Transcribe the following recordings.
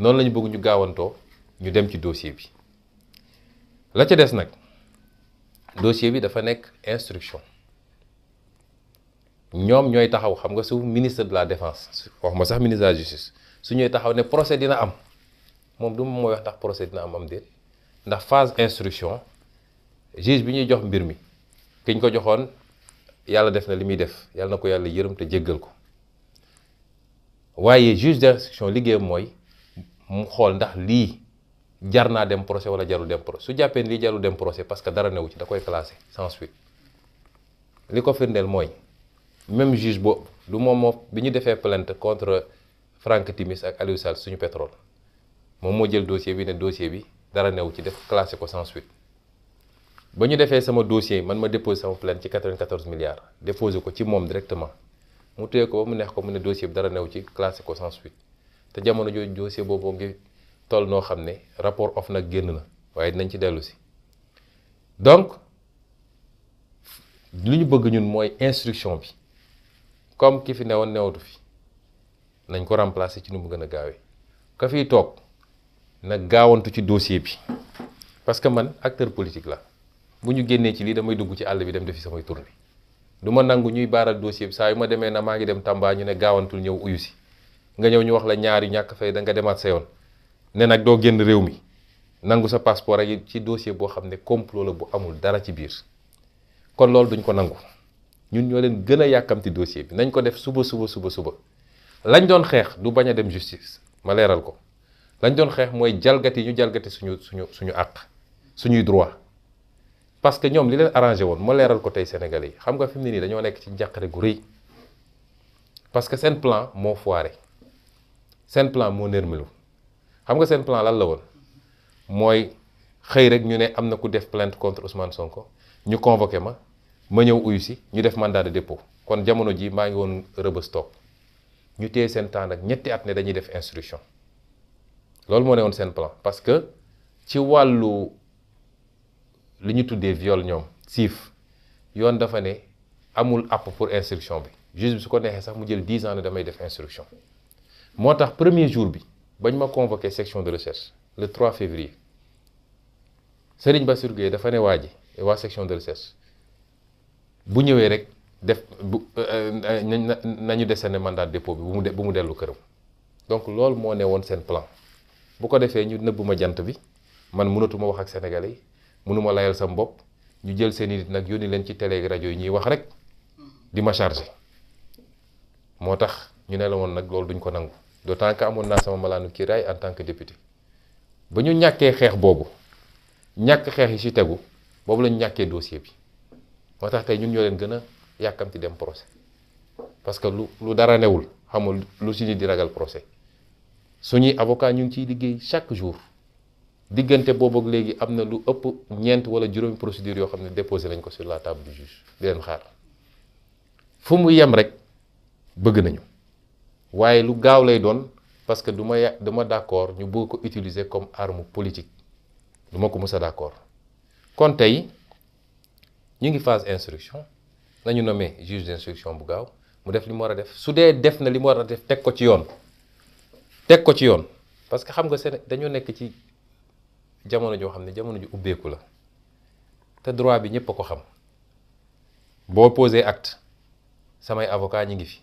noonu la bëgg ñu gaawantoo ñu dem ci dossier bi la ca des nag dossier bi dafa nekk instruction ñoom ñooy taxaw xam nga su ministre de la défense wax ma sax ministre de la justice su ñooy taxaw ne procès dina am moom du moom mooy wax ndax procès dina am am déet ndax phase instruction juge bi ñuy jox mbir mi ki ko joxoon yàlla def na li muy def yàlla na ko yàlla yërëm te jéggal ko waaye juge d'instruction liggéeyam mooy. mu xool ndax lii jar naa dem procès wala jarul dem procès su jàppee nii lii jarul dem procès parce que dara new ci da koy classé sans suite li ko firndeel mooy même juge boobu du moom moo bi ñu defee plainte contre Frank Timis ak Aliou suñu pétrole moom moo jël dossier bi ne dossier bi dara newu ci def classé ko sans suite ba ñu defee sama dossier man ma déposé sama plainte ci 94 milliards déposé ko ci moom directement mu téye ko ba mu neex ko mu ne dossier bi dara newu ci classé ko sans suite te jamono jooju dossier booboo ngi toll noo xam ne rapport of nag génn na waaye dinañ ci dellu si donc li ñu bëgg ñun mooy instruction bi comme ki fi newoon newatu fi nañ ko remplacer ci nu mu gën a gaawee ka fiy toog na gaawantu ci dossier bi parce que man acteur politique la bu ñu génnee ci lii damay dugg ci àll bi dem defi samay tournée du ma nangu ñuy baaral dossier bi saa yu ma demee na maa ngi dem Tamba ñu ne gaawantul ñëw uyu si nga ñëw ñu wax la ñaari ñàkk fay da nga demaat sa yoon ne mi nangu sa passeport ak ci dossier boo xam ne complot la bu amul dara ci biir kon loolu duñ ko nangu ñun ñoo leen gën a dossier bi nañ ko def suba suba suba suba lañ doon du dem justice ma leeral ko lañ doon xeex mooy jalgati ñu jalgati suñu suñu suñu àq suñuy droit parce que ñoom li leen arrangé woon ma leeral ko tey sénégalais yi xam nga fi mu ne nii dañoo nekk ci gu parce que plan mo foiré seen plan moo nërmelu xam nga seen plan lan la woon mooy xëy rek ñu ne am na ku def plainte contre Ousmane Sonko ñu convoqué ma ma ñëw uyu si ñu def mandat de dépôt kon jamono ji maa ngi woon rëbës toog ñu téye seen temps nag ñetti at ne dañuy def instruction loolu moo ne woon seen plan parce que ci wàllu li ñu tuddee viol ñoom siif yoon dafa ne amul app pour instruction bi juge bi su ko neexee sax mu jël 10 ans ne damay def instruction moo tax premier jour bi bañ ma convoqué section de recherche le 3 février Serigne Bassirou Gueye dafa ne waa ji waa section de recherche bu ñëwee rek def bu euh, euh, nañu décerné mandat de dépôt bi bu mu de bu mu dellu këram donc loolu moo ne woon seen plan bu ko defee ñu nëbb ma jant bi man mënatuma wax ak sénégalais yi mënuma layal sam bopp ñu jël seen i nit nag yónni leen ci télé rajo yi ñuy wax rek di ma chargé moo ñu ne la woon nag loolu duñ ko nangu d'autant que amoon naa sama malaanu kiiraay en tant que député ba ñu ñàkkee xeex boobu ñàkk xeex yi ci tegu boobu lañu ñàkkee dossier bi moo tax tey ñun ñoo leen gën a yàkkamti dem procès parce que lu lu dara newul xamul lu si nit di ragal procès suñuy avocat ñu ngi ciy liggéey chaque jour diggante boobu ak léegi am na lu ëpp ñeent wala juróomi procédure yoo xam ne déposé nañ ko sur la table du juge di leen xaar fu mu yem rek bëgg nañu waaye lu gaaw lay parce que nous ma d'accord ñu bëgg utiliser comme arme politique duma ko d'accord kon tey ñu ngi phase instruction nañu juge d'instruction bu gaaw mu def li mu war def su dee def na li mu def ko ci parce que xam nga seen dañoo nekk ci jamono joo xam jamono ju ubbeeku la te droit bi ñëpp ko xam boo acte samay avocat ñi ngi fi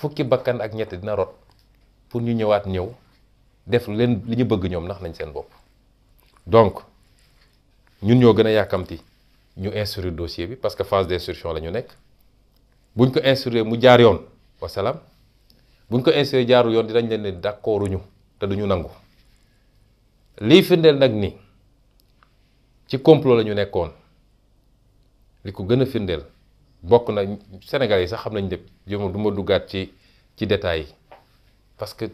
fukki bakkan ak ñett dina rot pour ñu ñëwaat ñëw def leen li bëgg nax nañ seen donc ñun ñoo gën a ñu le dossier parce que phase la ñu nekk buñ ko instruire mu jaar yoon buñ ko instruire jaaru yoon leen ne te duñu complot la bokk na Sénégal yi sax xam nañ lépp jëmm du ma duggaat ci ci détails yi parce que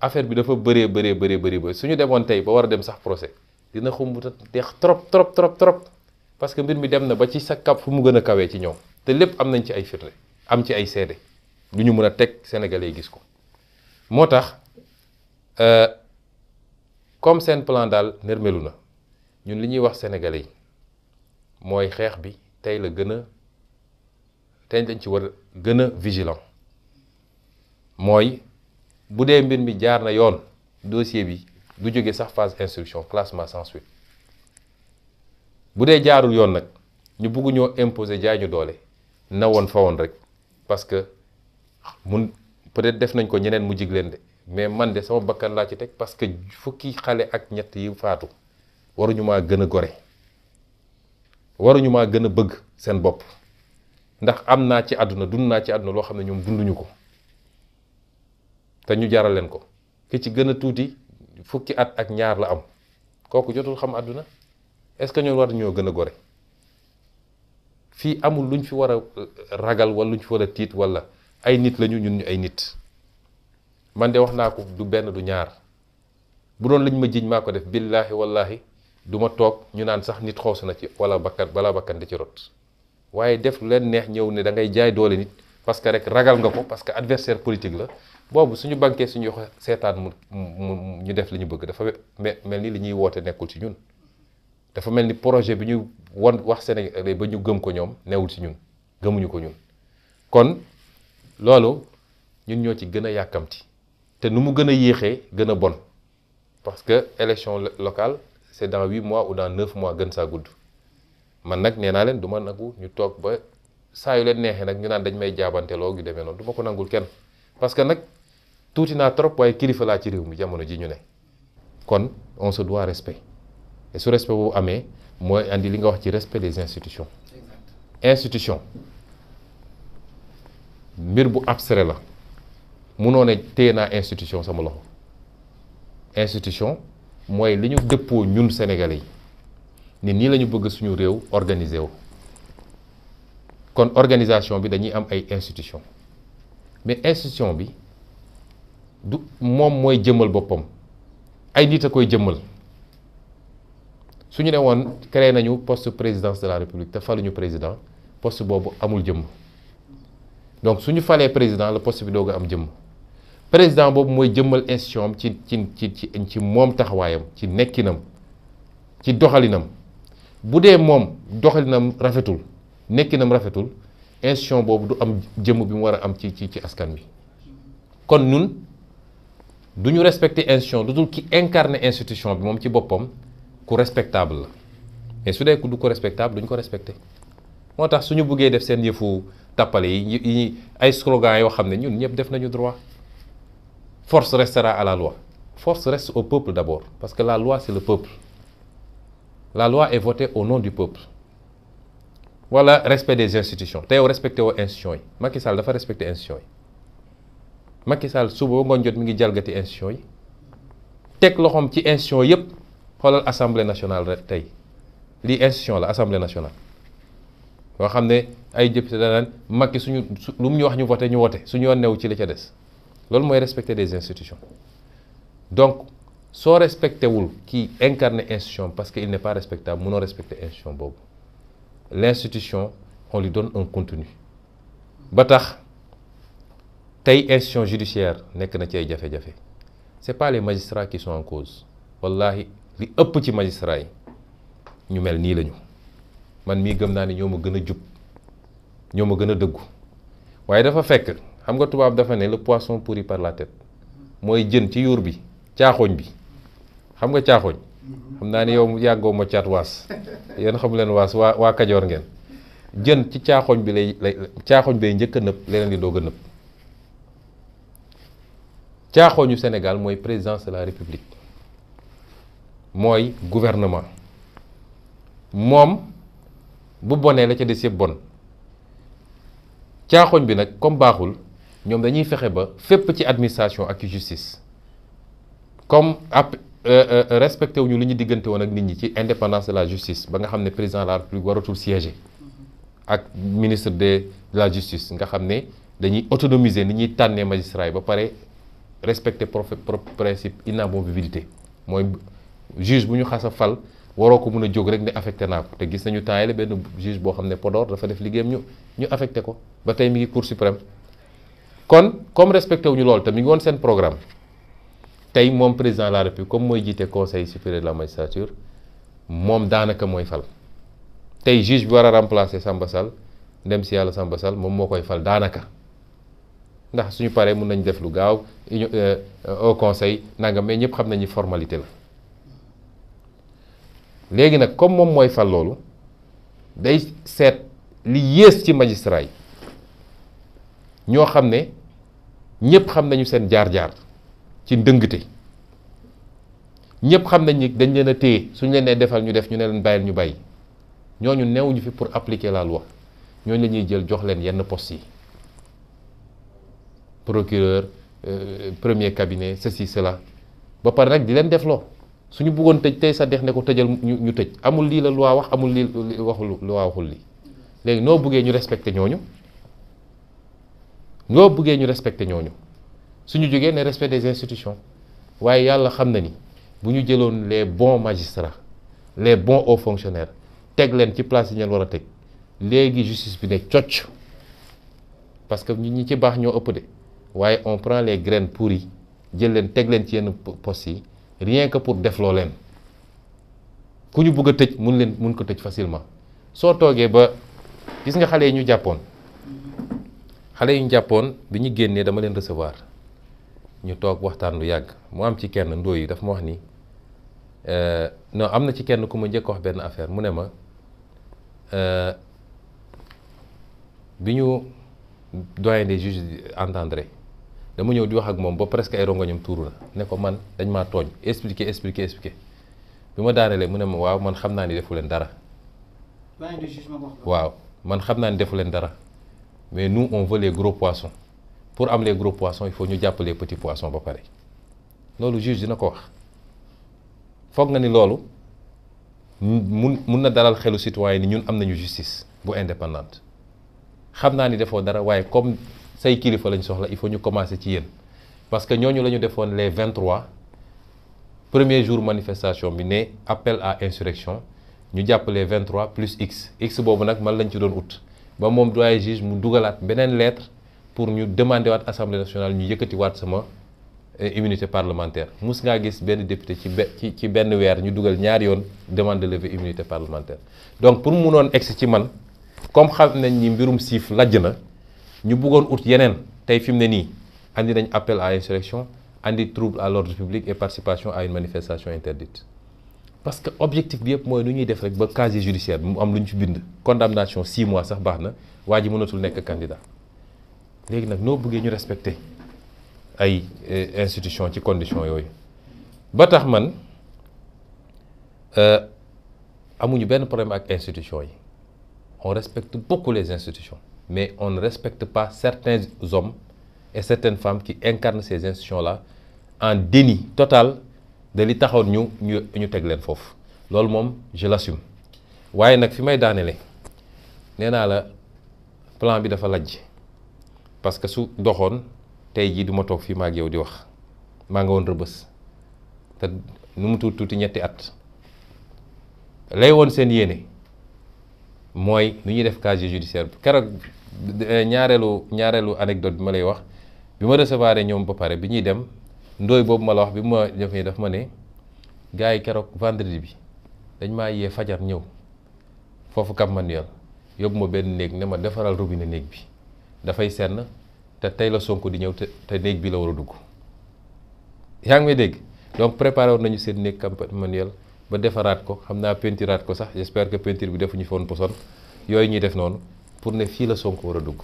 affaire bi dafa bëree bëree bëree bëri ba suñu demoon tey ba war a dem sax procès dina xumbuta deex trop trop trop trop parce que mbir mi dem na ba ci sa kap fu mu gën a kawee ci ñoom te lépp am nañ ci ay firnde am ci ay seede lu ñu mën a teg sénégalais gis ko moo tax euh, comme seen plan daal nërmelu na ñun li ñuy wax sénégalais yi mooy xeex bi tey la gën a te dañ ci war a vigilant mooy bu dee mbir mi jaar na yoon dossier bi du jóge sax phase instruction classement sans suite bu dee jaarul yoon nag ñu bugg ñoo imposer jaay ñu doole na woon fa woon rek parce que mun peut-être def nañ ko ñeneen mu jig leen de mais man de sama bakkan laa ci teg parce que fukki xale ak ñett yi faatu waruñu maa gën a gore waruñu maa gën a bëgg seen bopp ndax am naa ci àdduna dund naa ci àdduna loo xam ne ñoom dunduñu ko te ñu jaral leen ko ki ci gën a tuuti fukki at ak ñaar la am kooku jotul xam àdduna est-ce que ñoom war ñoo gën a gore fii amul luñ fi war a euh, ragal wala luñ fi war a tiit wala ay nit lañu ñun ñu ay nit man de wax naa ko du benn du ñaar bu doon lañ ma jiñ maa ko def billaahi wallaahi du ma toog ñu naan sax nit xoosu na ci wala bakkan balaa bakkan di ci rot waaye def lu leen neex ñëw ne da ngay jaay doole nit parce que rek ragal nga ko parce que adversaire politique la boobu suñu banquee suñu yox seetaan mu mu ñu def li ñu bëgg dafa mel ni li ñuy woote nekkul ci ñun dafa mel ni projet bi ñu wan wax Sénégalais ba ñu gëm ko ñoom newul ci ñun gëmuñu ko ñun kon loolu ñun ñoo ci gën a yàkkamti te nu mu gën a yéexee gën a bon parce que élection locale c'est dans huit mois ou dans neuf mois gën saa gudd man nag nee naa leen du ma nangu ñu toog ba saa yu leen neexee nag ñu naan dañ may jaabanteeloo gi deme noonu du ma ko nangul kenn parce que nag tuuti naa trop waaye kilifa laa ci réew mi jamono ji ñu ne kon on se doit respect et su respect boobu amee mooy indi li nga wax ci respect des institutions institution mbir bu abstrait la munoo ne téye naa institution sama loxo institution mooy li ñu dëppoo ñun sénégalais yi ni nii la ñu bëgg suñu réew organisé wu kon organisation bi dañuy am ay institution mais institution bi du moom mooy jëmmal boppam ay nit a koy jëmmal su ne woon créé nañu poste présidence de la république te faluñu président poste boobu amul jëmm donc suñu ñu falee président la poste bi doog a am jëmm président boobu mooy jëmmal institution am ci ci ci ci moom taxawaayam ci nekkinam ci doxalinam bu dee moom doxalinam rafetul na rafetul institution boobu du am jëmm bi mu war a am ci ci ci askan bi kon ñun du ñu respecter institution lu dul ki incarne institution bi moom ci boppam ku respectable la mais su dee du ko respectable duñ ko respecter moo tax suñu buggee def seen yëfu tappale yi yi ay slogan yoo xam ne ñun ñëpp def nañu droit force restera à la loi force reste au peuple d'abord parce que la loi c'est le peuple la loi est votée au nom du peuple Voilà respect des institutions te yow respecté woo institutions. Macky Sall dafa respecté institutions. yi Macky Sall suba ngoon jot mi ngi jalgati institution yi ci institution yep xolal assemblée nationale rek tey lii institution la assemblée nationale bo xamné ne ay député danaan Macky suñu lu ñu wax ñu voter ñu voter suñu yoon newu ci li ca dess lool moy respecter des institutions donc So respecté qui incarne l'institution parce qu'il n'est pas respectable Nous respecter institution Bob. l'institution on lui donne un contenu ba tax institution judiciaire c'est pas les magistrats qui sont en cause wallahi les petits magistrats qui ñu mel ni lañu man mi gëm ne le poisson pourri par la tête xam nga caaxuñ xam naa ne yow yàggoo ma caat waas yéen xamu leen waas waa waa kajoor ngeen jën ci caaxoñ bi lay lay caaxoñ bay njëkk a nëb leneen di doog a nëb caaxoñu Sénégal mooy présidence de la république mooy gouvernement moom bu bonee la ca des bon caaxoñ bi nag comme baaxul ñoom dañuy fexe ba fépp ci administration ak justice comme app euh, euh, respecté wu ñu li ñu ak nit ñi ci indépendance de la justice ba nga xamné président de la république waratul siéger ak ministre de la justice nga xamné dañuy autonomiser ni ñuy tànnee magistrat yi ba paré respecter principe inamovibilité moy juge bu ñu xas fal waroo ko mën a rek né affecté n'a ko te gis nañu le ben juge bo xamné Podor dafa def liggéeyam ñu ñu affecté ko ba tay mi ngi cour suprême kon comme respecté wuñu lool té mi ngi won sen programme tay mom président de la république comme moy jité conseil supérieur de la magistrature mom danaka moy fal tay juge bi wara remplacer Samba Sall dem si yalla Samba Sall moom moo fal danaka ndax suñu paré mën nañ def lu gaaw euh, au conseil nangam mais ñëpp xam nañu formalité la léegi comme mom moy fal lolu day set li yes ci magistrat yi ñoo xam ne ñëpp xam nañu seen jaar-jaar ci ndëngte ñëpp xam nañ ni dañ leen a téye suñ leen nee defal ñu def ñu ne leen bàyyil ñu bàyyi ñooñu newuñu fi pour appliquer la loi ñooñu la ñuy jël jox leen yenn poste yi procureur euh, premier cabinet ceci la ba pare nag di leen def loo suñu buggoon tëj tey sa dex ne ko tëjal ñu ñu tëj amul lii la loi wax amul lii waxul loi waxul lii léegi noo buggee ñu respecté ñooñu noo buggee ñu respecté ñooñu. suñu jógee ne respect des institutions waaye yàlla xam na ni bu ñu jëloon les bons magistrats les bons hauts fonctionnaires teg leen ci place yi ñu war a teg léegi justice bi ne cocc parce que ñi ñi ci baax ñoo ëpp de waaye on prend les graines pourries jël leen teg leen ci yenn postes yi rien que pour def leen ku ñu bëgg a tëj mun leen mun ko tëj facilement soo toogee ba gis nga xale yi ñu jàppoon xale yi ñu jàppoon bi ñu génnee dama leen recevoir. ñu toog waxtaan lu yàgg mu am ci kenn ndóo yi dafa ma wax ni euh, no am na ci kenn ku ma njëkk wax benn affaire mu ne ma euh, bi ñu doyen des juges entendre dama ñëw di wax ak moom ba presque ay rongoñam tuuru na ne ko man dañ maa tooñ expliquer expliquer expliquer bi ma daanelee mu ne ma waaw man xam naa ni defu leen dara. waaw man xam naa ni defu leen dara mais nous on veut les gros poissons. pour am les gros poissons il faut nous ñu les petits poissons ba que le juge dina ko faut que nga ni loolu mun mun na dalal xelu citoyen ni ñun am justice bu indépendante xam naa ni defoo dara waaye comme say kilifa lañ soxla il faut ñu commencer ci yéen parce que nous, la ñu les 23 premier jour manifestation bi ne appel à insurrection ñu jàpp les 23 plus x x c'est nag man lañ ci doon ut ba moom doyen juge mu dugalaat une lettre pour nous demander à assemblée nationale de yëkkati waat sama eh, immunité parlementaire Nous avons gis benn député ci qui ci ben benn weer ñu dugal de lever immunité parlementaire donc pour nous nous avons ci comme xam nañ ni mbirum sif lajj na ñu bëggoon out yenen tey fi mu appel à l'insurrection, andi trouble à l'ordre public et participation à une manifestation interdite parce que objectif bi que nous avons ñuy def rek casier judiciaire nous mu am condamnation 6 mois sax baax na waa ji mënatul candidat nous devons ñu respecter ay euh, institution ci condition conditions. ba tax man euh, amuñu problème ak institution yi on respecte beaucoup les institutions mais on ne respecte pas certains hommes et certaines femmes qui incarnent ces institutions-là en déni total de l'état taxoon ñu ñu ñu C'est je l'assume waye nak fi may daanele la plan bi dafa parce que su doxoon tey jii du ma toog fii ma ak di wax maa nga woon rëbës te nu mu tuuti tuuti ñetti at lay woon seen yéene mooy nu ñuy def casier judiciaire bi keroog eh, ñaareelu ñaareelu anecdote bi ma lay wax bi ma recevoir ñoom ba pare bi ñuy dem ndooy boobu ma la wax bi ma defee daf ma ne gars yi keroog vendredi bi dañ ma yee fajar ñëw foofu Cap Manuel yóbbu ma benn néeg ne ma defaral robinet néeg bi. dafay senn te tey la sonk di ñëw te te néeg bi la war a dugg yaa ngi may dégg donc préparé woon nañu seen néeg campagne manuel ba defaraat ko xam naa peinturaat ko sax j'espère que peinture bi defuñu foon poson yooyu ñuy def noonu pour ne fii la Sonko war a dugg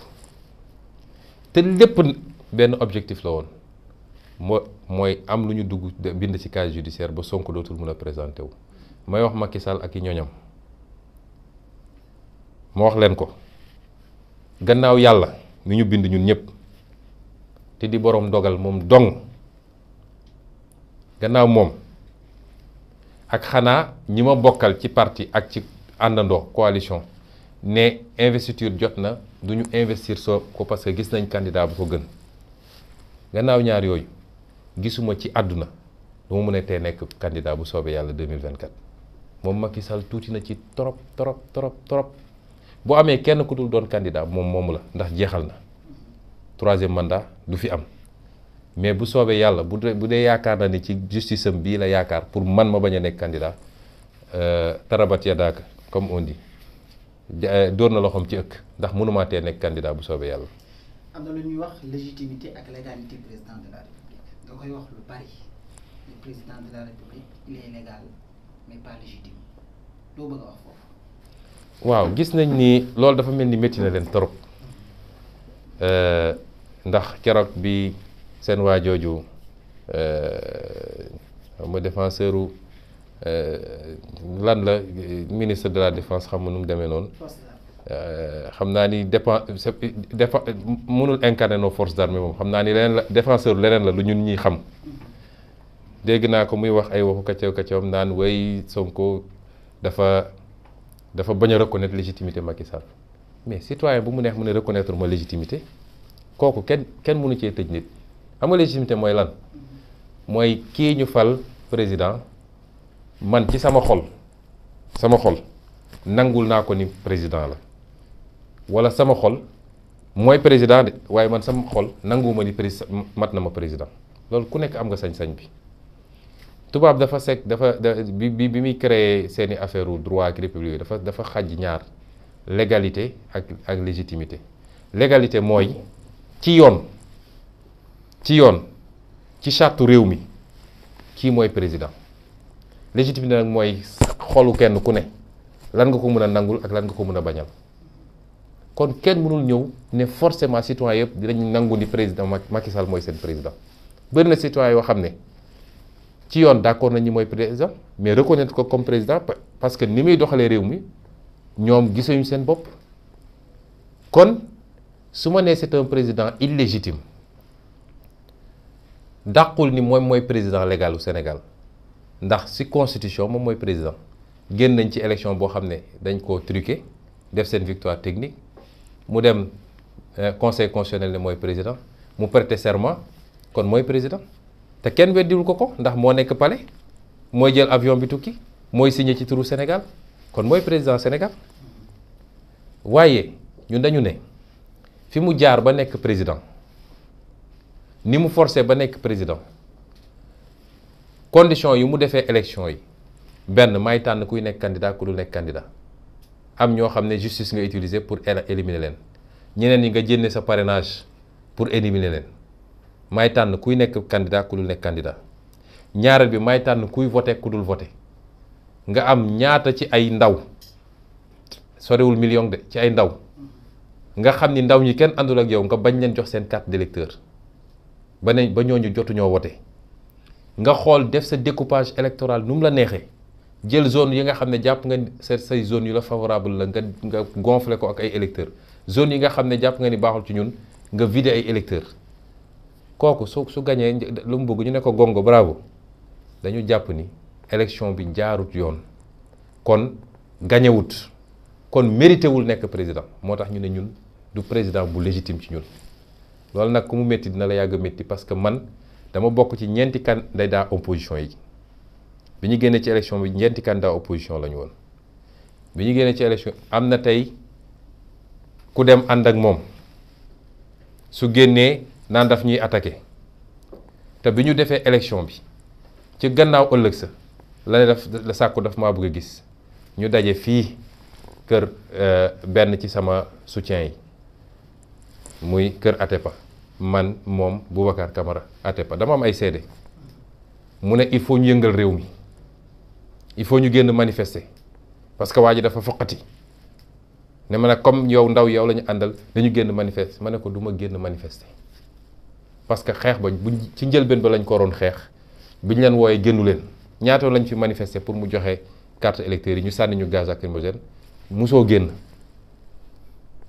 te lépp benn objectif la woon moo mooy am lu ñu dugg bind ci casier judiciaire ba sonk dootul mën a présenté wu may wax ma ki Sall ak i ñoñam ma wax leen ko gannaaw yàlla mi ñu bind ñun ñëpp te di boroom dogal moom dong gannaaw moom ak xanaa ñi ma bokkal ci parti ak ci àndandoo coalition ne investiture jot na du ñu investir soo ko parce que gis nañ candidat bu ko gën gannaaw ñaar yooyu gisuma ci àdduna lu mu mënee tee nekk candidat bu soobee yàlla 2024 moom Macky Sall tuuti na ci trop trop trop trop bu amé kenn ku dul doon candidat mom mom la ndax jeexal na troisième mandat du fi am mais bu sobé yalla bu dee bu na ni ci justice bi la yakar pour man ma baña nek nekk candidat euh, tarabat ya daaka comme on dit euh, dóor na loxoom ci ëkk ndax mënuma té nek candidat bu sobé yalla amna lu ñuy wax légitimité ak légalité président de la république da koy wax lu bari le président de la république il est légal mais pas légitime do bëgg wax foofu. waaw gis nañ ni loolu dafa mel ni métti na leen trop euh, ndax keroog bi seen waa jooju xam euh, nga défenseur u euh, lan la ministre de la défense xam nu demee noonu xam naa ni dépen défen mënul incarner noo forces d'armée moom xam naa ni leneen la défenseur leneen la lu ñun ñuy xam dégg naa ko muy wax ay waxu kacaw kacawam naan way Sonko dafa dafa bañ a reconnaître légitimité Macky mais citoyen bu mu neex mu ne reconnaître ma légitimité kooku kenn kenn mënu cee tëj nit xam nga légitimité mooy lan mooy kii ñu fal président man ci sama xol sama xol nangul naa ko ni président la wala sama xol mooy président de waaye man sama xol nanguwuma ni président mat na ma président loolu ku nekk am nga sañ-sañ bi tubaab dafa sekk dafa bi bi muy créer seeni affaire u droit ak république dafa dafa xaj ñaar légalité ak ak légitimité légalité mooy ci yoon ci yoon ci charte réew mi kii mooy président légitimité nag mooy xolu kenn ku ne lan nga ko mën a nangul ak lan nga ko mën a bañal kon kenn mënul ñëw ne forcément citoyen yëpp dinañ nangu ni président Macky Sall mooy seen président bëri na citoyen yoo xam ne ci yoon d'accord nañ ni mooy président mais reconnaître ko comme président parce que ni muy doxalee réew mi ñoom gisuñu seen bopp kon su ma nee c'est un président illégitime dàqul ni moom mooy président légal au Sénégal ndax ci constitution moom mooy président génn nañ ci élection boo xam ne dañ koo truqué def seen victoire technique mu dem euh, conseil constitutionnel ne mooy président mu prêter serment kon mooy président te kenn weddiwul ko ko ndax moo nekk pale mooy jël avion bi tukki mooy signé ci turu Sénégal kon mooy président Sénégal waaye ñun dañu ne fi mu jaar ba nekk président ni mu forcé ba nekk président condition yi mu defee élection yi benn may tànn kuy nekk candidat ku dul nekk candidat am ñoo xam ne justice nga utilisé pour éliminer leen ñeneen yi nga jénne sa parrainage pour éliminer leen may tànn kuy nekk candidat ku dul nekk candidat ñaareel bi may tànn kuy voté ku dul voté nga am ñaata ci ay ndaw sorewul million de ci ay ndaw nga xam ni ndaw ñi kenn àndul ak yow nga bañ leen jox seen carte d'électeur ba ne ba ñooñu jotuñoo wote nga xool def sa découpage électoral nu mu la neexee jël zone yi nga xam ne jàpp nga sa say zone yu la favorable la nga nga gonflé ko ak ay électeurs zone yi nga xam ne jàpp nga ni baaxul ci ñun nga vidé ay électeurs kooku su su gañee lu mu bëgg ñu ne ko gongo bravo dañu jàpp ni élection bi jaarut yoon kon gañewut kon mérité wul nekk président moo tax ñu ne ñun du président bu légitime ci ñun loolu nag ku mu métti dina la yàgg métti parce que man dama bokk ci ñeenti candidat opposition yi bi ñu génnee ci élection bi ñeenti candidat opposition la ñu woon bi ñu génnee ci élection am na tey ku dem ànd ak moom su génnee naan daf ñuy attaqué te bi ñu defee élection bi ci gannaaw ëllëg sa la ne daf la sàkku daf maa bëgg gis ñu daje fii kër euh, benn ci sama soutien yi muy kër Atepa man moom Boubacar Camara Atepa dama am ay seede mu ne il faut ñu yëngal réew mi il faut ñu génn manifester parce que waa ji dafa foqati ne ma ne comme yow ndaw yow la ñu àndal dañu génn manifeste ma ne ko du ma génn manifester parce que xeex bañ bu ci njëlbeen ba lañ ko waroon xeex biñ leen wooyee génnu leen ñaata lañ fi manifester pour mu joxe carte électeur yi ñu sànni ñu gaz lacrymogène musoo génn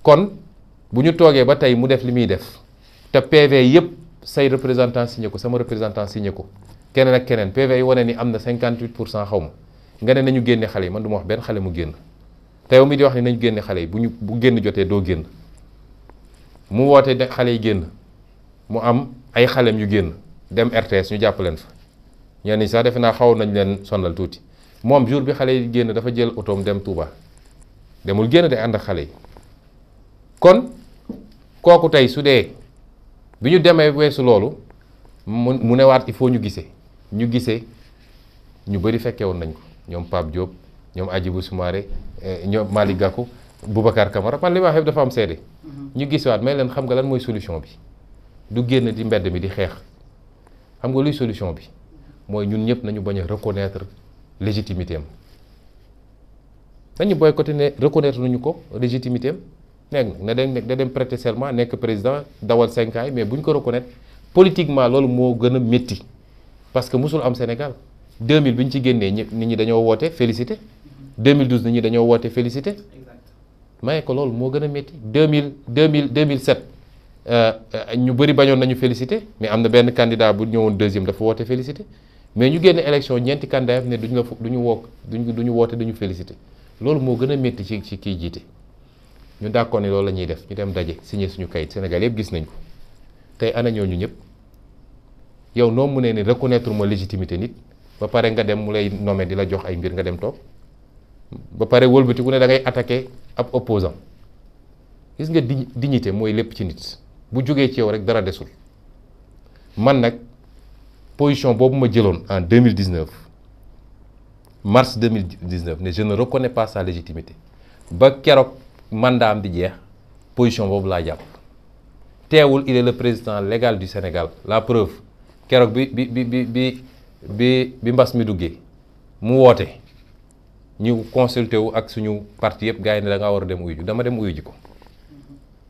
kon bu ñu toogee ba tey mu def li muy def te PV yépp say représentant signé ko sama représentant signé ko keneen ak keneen PV yi wane ni am na 58 pour cent xaw ma nga ne nañu génne xale yi man du ma wax benn xale mu génn te yow mi di wax ne nañu génne xale yi bu ñu bu génn jotee doo génn mu woote xale yi génn. mu am ay xalem yu génn dem RTS ñu jàpp leen fa ñenn ñi sax defe naa xaw nañ leen sonnal tuuti moom jour bi xale yi génn dafa jël otoom dem Touba demul génn day ànd ak xale yi kon kooku tey su dee bi ñu demee weesu loolu mu mu newaat il faut ñu gisee ñu gisee ñu bëri fekkee woon nañ ko ñoom Pape Diop ñoom Hadjibou Soumaré eh, ñoom Malick Gakou Boubacar Camara man li ma wax dafa am seede mm-hmm. ñu gisewaat may leen xam nga lan mooy solution bi du génn di mbedd mi di xeex xam nga luy solution bi mooy ñun ñëpp nañu bañ a reconnaître légitimité am nañu boycotté ne reconnaître nañu ko légitimité am nekk na da da dem prêter serment nekk président dawal cinq ans mais buñ ko reconnaître politiquement loolu moo gën a métti parce que musul am Sénégal 2000 bi ci génnee ñëpp nit ñi dañoo woote félicité 2012 nit ñi dañoo woote félicité maye ko loolu moo gën a métti 2000 2000 2007. Euh, ñu bari bañoon nañu félicité mais am na benn candidat bu ñëwoon deuxième dafa woote félicité mais ñu génn élection ñeenti candidat yëpp ne duñu la duñu woo duñu duñu woote duñu félicité loolu moo gën a métti ci ci kii jiite ñu d'accord ne loolu la ñuy def ñu dem daje signé suñu kayit Sénégal yépp gis nañ ko tey ana ñooñu ñëpp yow noo mu ne ni reconnaître ma légitimité nit ba pare nga dem mu lay nommer di la jox ay mbir nga dem toog ba pare ku ne da ngay attaquer ab opposant gis nga dignité mooy lépp ci nit bu jógee ci yow rek dara desul man nag position boobu ma jëloon en 2019 mars 2019 ne je ne reconnais pas sa légitimité ba keroog mandat di jeex position boobu laa jàpp teewul il est le président légal du Sénégal la preuve keroog bi bi bi bi bi bi bi mbas mi duggee mu woote ñu consulté wu ak suñu parti yëpp gars yi ne da war a dem uyu ji dama dem uyu ji ko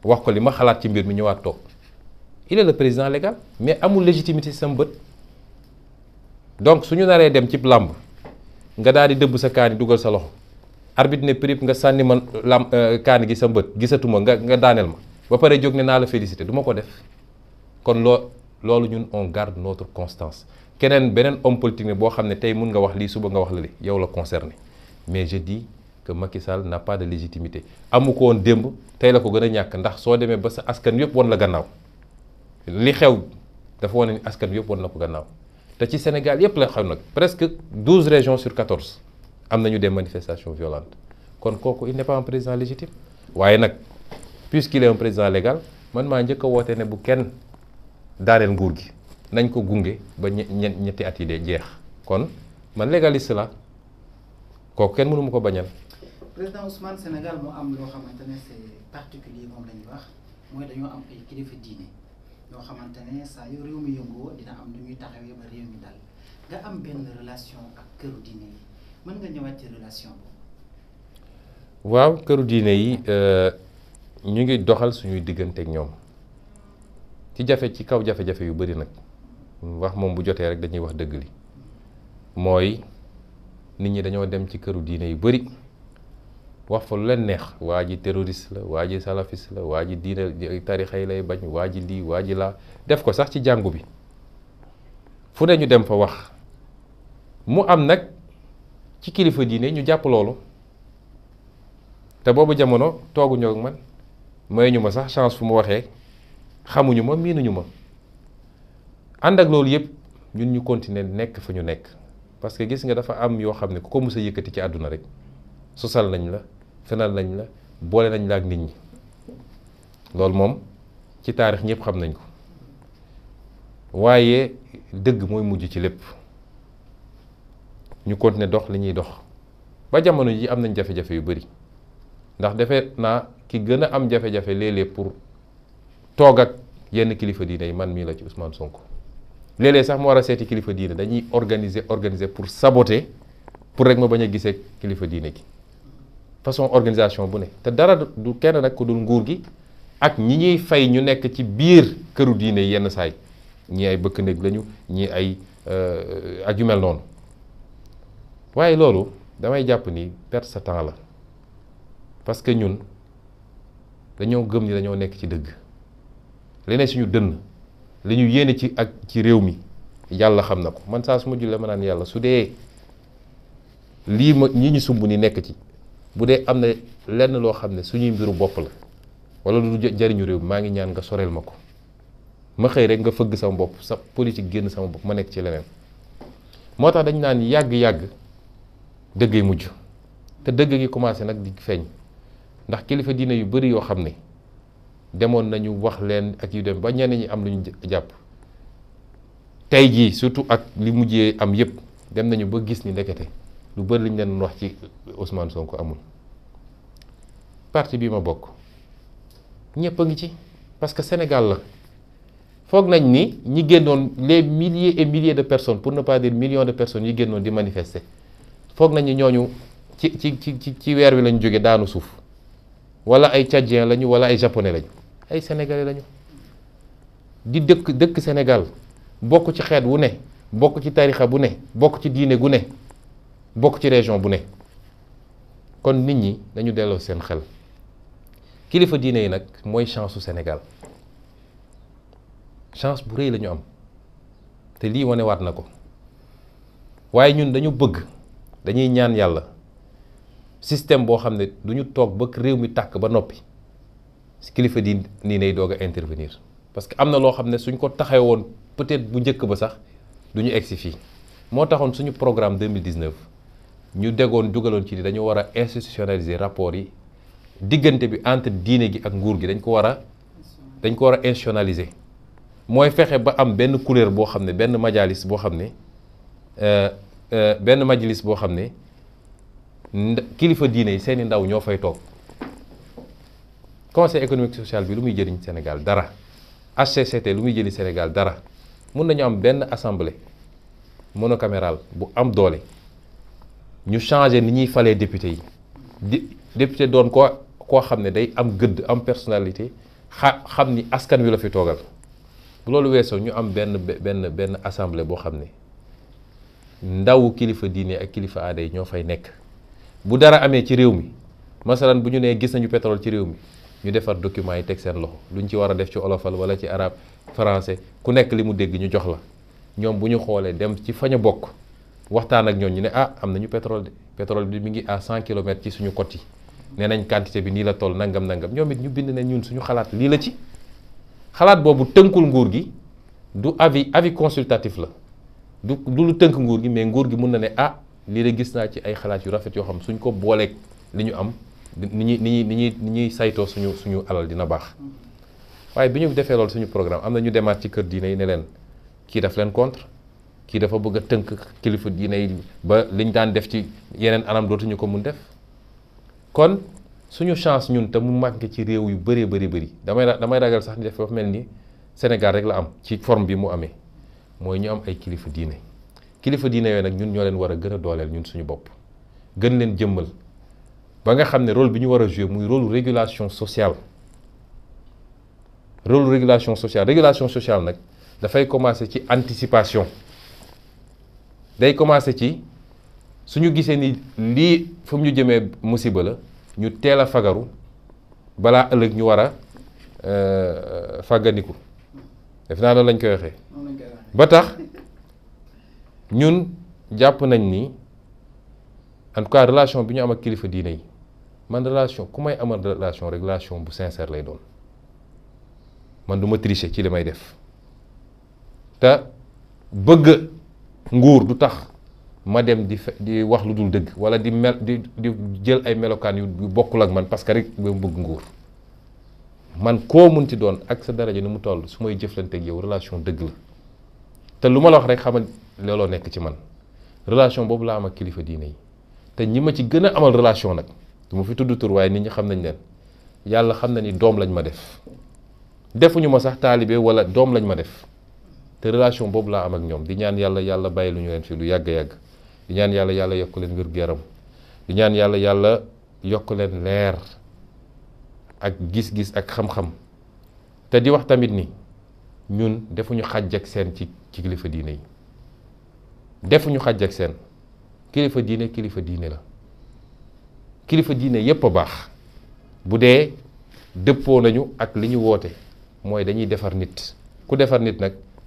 wax ko li ma xalaat ci mbir mi ñëwaat toog il est le président légal mais amul légitimité sam bët donc suñu naree dem ci làmb nga daal di dëbb sa kaani dugal sa loxo arbitre ne prip nga sànni ma lam euh, kaani gi sa mbët gisatuma nga nga daaneel ma ba pare jóg ne naa la félicité du ma ko def kon loo loolu ñun on garde notre constance keneen beneen homme politique ne boo xam ne tey mun nga wax lii suba nga wax la li yow la concerné mais je dis que Macky Sall n'a pas de légitimité amu on woon démb la ko gën a ñàkk ndax soo demee ba sa askan yëpp won la gannaaw li xew dafa wane askan yëpp won la ko gannaaw te ci Sénégal yëpp la xew nag presque douze régions sur quatorze am des manifestations violentes kon kooku il n'est pas un président légitime waaye nag puisqu'il est un président légal man maa njëkk a ne bu kenn daaneel nguur nañ ko gungé, ba ñetti atide yi kon man légaliste la kooku kenn mënu moko ko bañal président Ousmane Sénégal moo am loo xamante ne c'est particulier moom la ñuy xamante ne saa yu këru diine yi mën euh, ñu ngi doxal suñuy diggante ñoom ci jafe ci kaw jafe yu bari nag wax moom bu jotee rek dañuy wax dëgg li mooy nit ñi dañoo dem ci këru diine yu bari. wax fa lu leen neex waa ji terroriste la waa ji salafiste la waa ji diine tarixa yi lay bañ waa ji lii waa ji laa def ko sax ci jàngu bi fu ne ñu dem fa wax mu am nag ci kilifa diine ñu jàpp loolu te boobu jamono tooguñoo ak man mayuñu ma sax chance fu mu waxee xamuñu ma miinuñu ma ànd ak loolu yëpp ñun ñu continuer nekk fa ñu nekk parce que gis nga dafa am yoo xam ne ku ko mës yëkkati ci àdduna rek sosal nañ la fenal nañ la boole nañ la ak nit ñi loolu moom ci taarix ñëpp xam nañ ko waaye dëgg mooy mujj ci lépp ñu continuer dox li ñuy dox ba jamono ji am nañ jafe-jafe yu bari ndax defe naa ki gën a am jafe-jafe léeg pour toog ak yenn kilifa diine yi man mii la ci Ousmane Sonko léeg sax mu war a seeti kilifa diine dañuy organiser organiser pour saboter pour rek ma bañ a gisee kilifa diine gi façon organisation bu ne te dara du kenn nak ku dul nguur gi ak ñi ñi fay ñu nekk ci biir këru diine yenn say ñi ay bëkk néeg lañu ñi ay euh ak yu mel non waye lolu damay japp ni perte sa temps la parce que ñun dañoo gëm ni dañoo nekk ci dëgg li ne suñu dënn li ñu yéene ci ak ci réew mi yàlla xam na ko man saa su ma jullee ma naan yàlla su dee lii ma ñi ñu sumb ni nekk ci bu dee am na lenn loo xam ne suñuy mbiru bopp la wala lu jariñu réew maa ngi ñaan nga soreel ma ko ma xëy rek nga fëgg sama bopp sa politique génn sama bopp ma nekk ci leneen moo tax dañ naan yàgg-yàgg dëgg yi mujj te dëgg gi commencé nag di feeñ ndax kilifa diine yu bari yoo xam ne demoon nañu wax leen ak yu dem ba ñenn ñi am lu ñu jàpp tey jii surtout ak li mujjee am yépp dem nañu ba gis ni ndekete lu liñ leen wax ci Ousmane Sonko amul parti bi ma ngi ci parce que Sénégal la foog nañ ni ñi génnoon les milliers et milliers de personnes pour ne pas dire millions de personnes yi génnoon di manifester foog nañ ni ñooñu ci ci ci ci weer wi lañ jóge daanu suuf wala ay Tchadien lañu wala ay japonais lañu ay sénégalais lañu di dëkk dëkk Sénégal bokk ci xeet wu ne bokk ci tarixa bu ne bokk ci diine gu ne bokk ci région bu ne kon nit ñi dañu delloo seen xel kilifa diine yi nag mooy chance au Sénégal chance bu rëy la ñu am te lii wanewaat na ko waaye ñun dañu bëgg dañuy ñaan yàlla système boo xam ne du ñu toog ba réew mi tàkk ba noppi si kilifa di nii nay doog a intervenir parce que am na loo xam ne suñ ko taxee woon peut-être bu njëkk ba sax du ñu egsi fii moo taxoon suñu programme 2019 ñu degoon dugaloon ci ni dañu war a institutionnaliser rapport yi diggante bi entre diine gi ak nguur gi dañ ko war a dañ ko war a institutionnaliser mooy fexe ba am benn couleur boo xam ne benn majalis boo xam ne euh, euh, benn majalis boo xam ne kilifa diine yi seeni ndaw ñoo fay toog conseil économique social bi lu muy jëriñ Sénégal dara HCCT lu muy jëriñ Sénégal dara mun nañu am benn assemblée monocamérale bu am doole ñu changé ni ñuy Les député yi député doon day personnalité qui askan wi la fi togal bu assemblée Nous xamné ndaw kilifa diiné ak kilifa aada ñoo fay nekk bu dara amé ci réew mi masalan bu ñu pétrole ci réew documents yi tek seen loxo def ci olofal wala ci français ku dégg ñu jox la waxtaan ak ñoom ñu ne ah am nañu pétrole de pétrole bi mi ngi à cent kilomètres ci suñu côte yi nee nañ quantité bi nii la tool nangam nangam ñoom it ñu bind ne ñun suñu xalaat lii la ci xalaat boobu tënkul nguur gi du avis avis consultatif la du du tënk nguur gi mais nguur gi mun na ne ah lii de gis naa ci ay xalaat yu rafet yoo xam suñ ko booleeg li ñu am ni ñuy ni ñuy ni ñuy ñuy saytoo suñu suñu alal dina baax waaye bi ñu defee lool suñu programme am na ñu demaat ci kër diine yi ne leen kii daf leen kii dafa bëgg tënk kilifa diine yi ba liñ daan def ci yeneen anam dootuñu ko mun def kon suñu chance ñun te mu manqué ci réew yu bëree bëri bëri damay damay ragal sax ni dafa mel ni Sénégal rek la am ci forme bi mu amee mooy ñu am ay kilifa diine kilifa diine yooyu nag ñun ñoo leen war a gën a dooleel ñun suñu bopp gën leen jëmmal ba nga xam ne rôle bi ñu war a jouer muy rôle régulation sociale rôle régulation sociale régulation sociale nag dafay commencer ci anticipation day commencé ci su ñu gisee ni lii fu mu ñu jëmee musiba la ñu teel a fagaru balaa ëllëg ñu war a euh, fàggandiku def naa loolu lañ koy waxee ba tax ñun jàpp nañ ni en tout relation bi ñu am ak kilifa diine yi man relation ku may amal relation rek relation bu sincère lay doon man du ma ci li may def te bëgg nguur du tax ma dem di di wax lu dul dëgg wala di mel di di jël ay melokaan yu bokkul ak man parce que rek ba mu bëgg nguur man koo mun ci doon ak sa daraja ni mu toll su may jëflante ak yow relation dëgg la te lu ma la wax rek xamal looloo nekk ci man relation boobu laa am ak kilifa diine yi te ñi ma ci gën a amal relation nag du ma fi tudd tur waaye nit ñi xam nañ leen yàlla xam na ni doom lañ ma def defuñu ma sax taalibe wala doom lañ ma def te relation boobu laa am ak ñoom di ñaan yàlla yàlla bàyyi lu ñu leen fi lu yàgg-yàgg di ñaan yàlla yàlla yokk leen wér yaram di ñaan yàlla yàlla yokk leen leer ak gis-gis ak xam-xam te di wax tamit ni ñun defuñu xàjj ak seen ci ci kilifa diine yi defuñu xàjj ak seen kilifa diine kilifa diine la kilifa diine yépp a baax bu dee dëppoo nañu ak li ñu woote mooy dañuy defar nit ku defar nit nag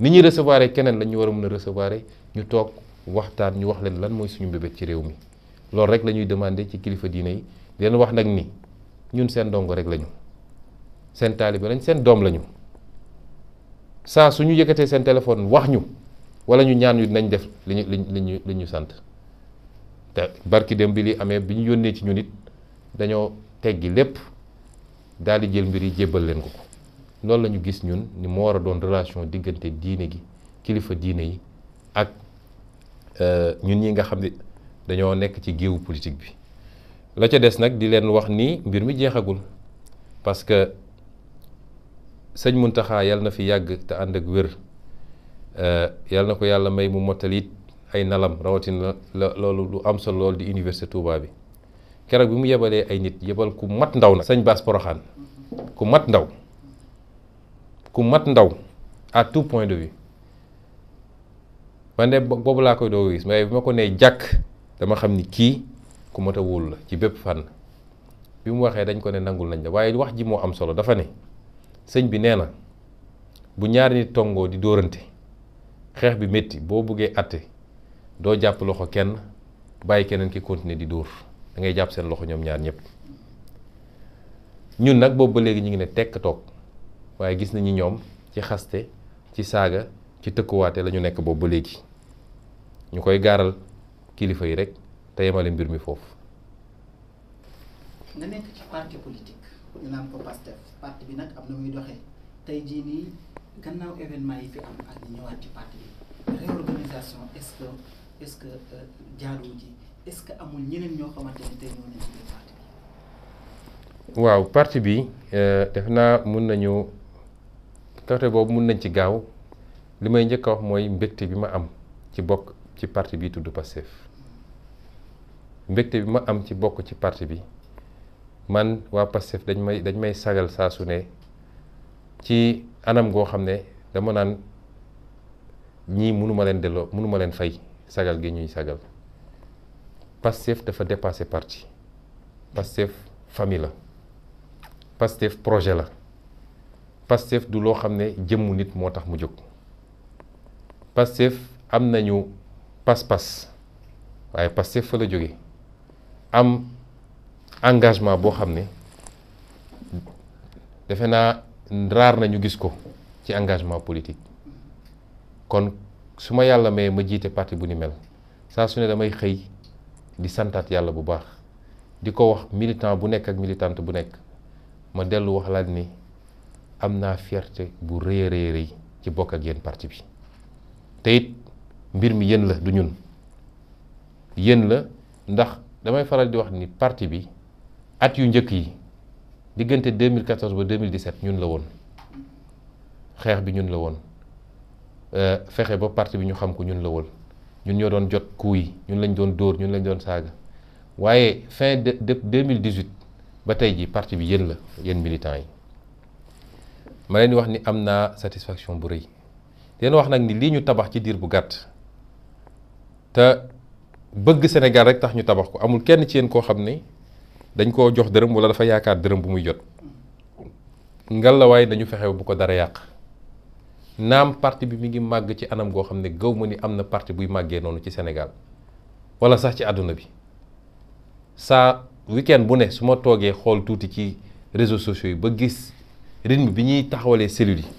ni ñuy recevoir keneen lañu war a mën a recevoir ñu toog waxtaan ñu wax leen lan mooy suñu mbébét ci réew mi loolu rek lañuy ñuy demandé ci kilifa diine yi di leen wax nag ni ñun seen ndongo rek lañu seen taalibe lañ seen doom lañu saa su ñu yëkkatee seen téléphone wax ñu wala ñu ñaan ñu nañ def li ñu li ñu sant te barki dem bi li amee bi ñu yónnee ci ñun it dañoo teggi lépp daal di jël mbir yi jébbal leen ko ko non lañu gis ñun ni mo wara doon relation digënté diiné gi kilifa diiné yi ak euh, ñun ñi nga xamni dañoo nekk ci géewu politique bi la ca dess nak di leen wax ni mbir mi jéxagul parce que señ muntaha yàlla na fi yagg te and ak wër euh na ko yalla may mu motalit ay nalam rawatina la lu am solo di université Touba bi kérok bi mu yebalé ay nit yebal ku mat ndaw nag señ Bass ku mat ndaw ku mat ndaw à tout point de vue man de boobu laa koy doo gis mais bi ma ko nee jàkk dama xam ni kii ku mat a wóolu la ci bépp fànn bi mu waxee dañ ko ne nangul nañ la waaye wax ji moo am solo dafa ne sëñ bi nee na bu ñaari nit tongoo di dóorante xeex bi métti boo buggee àtte doo jàpp loxo kenn bàyyi keneen ki continuer di dóor da ngay jàpp seen loxo ñoom ñaar ñëpp ñun nag boobu ba léegi ñu ngi ne tekk toog waaye gis nañu ñoom ci xaste ci saaga ci tëkkuwaate lañu nekk boobu ba léegi ñu koy gaaral kilifa yi rek te mbir mi foofu. nga nekk ci parti politique ñu naan ko Pastef parti bi nag am na muy doxee tey jii nii gannaaw événement yi fi am ak ñu ñëwaat ci parti bi réorganisation est-ce que est ji est amul ñeneen ñoo xamante ne tey ñoo nekk ci parti bi. waaw parti bi euh, defe naa mun nañu. tawte boobu mun nañ ci gaaw li may njëkk a wax mooy mbégte bi ma am ci bokk ci parti bi tudd Pastef mbégte bi ma am ci bokk ci parti bi man waa Pastef dañ may dañ may sagal saa su ne ci anam goo xam ne dama naan ñii mënuma leen delloo mënuma leen fay sagal gi ñuy sagal Pastef dafa dépassé parti Pastef famille la Pastef projet la Pastef du loo xam ne jëmmu nit moo tax mu jóg Pastef am nañu pas-pas waaye Pastef fa la jóge am engagement boo xam ne defe naa raar ñu gis ko ci engagement politique kon su ma yàlla may ma jiite parti bu ni mel saa su ne damay xëy di santaat yàlla bu baax di ko wax militant bu nekk ak militante bu nekk ma dellu wax laat ni amna nous fierté bu ci ak parti bi te it mbir mi yéen la du ñun yéen la ndax faral di parti bi at yu 2014 ba 2017 ñun la woon bi ñun la euh, parti bi ñu xam ko ñun la wol ñun ñoo doon jot coup ñun fin de 2018 ba ji parti bi yéen la militants ma leen di wax ni am naa satisfaction bu rëy leen wax nag ni lii ñu tabax ci diir bu gàtt te bëgg Sénégal rek tax ñu tabax ko amul kenn ci yéen koo xam ne dañ koo jox dërëm wala dafa yaakaar dërëm bu muy jot la waaye dañu fexe bu ko dara yàq naam parti bi mu ngi màgg ci anam goo xam ne gaw ma ni am na parti buy màggee noonu ci Sénégal wala sax ci àdduna bi saa weekend bu ne su ma toogee xool tuuti ci réseaux sociaux yi ba gis. rythme bi ñuy taxawalee cellules yi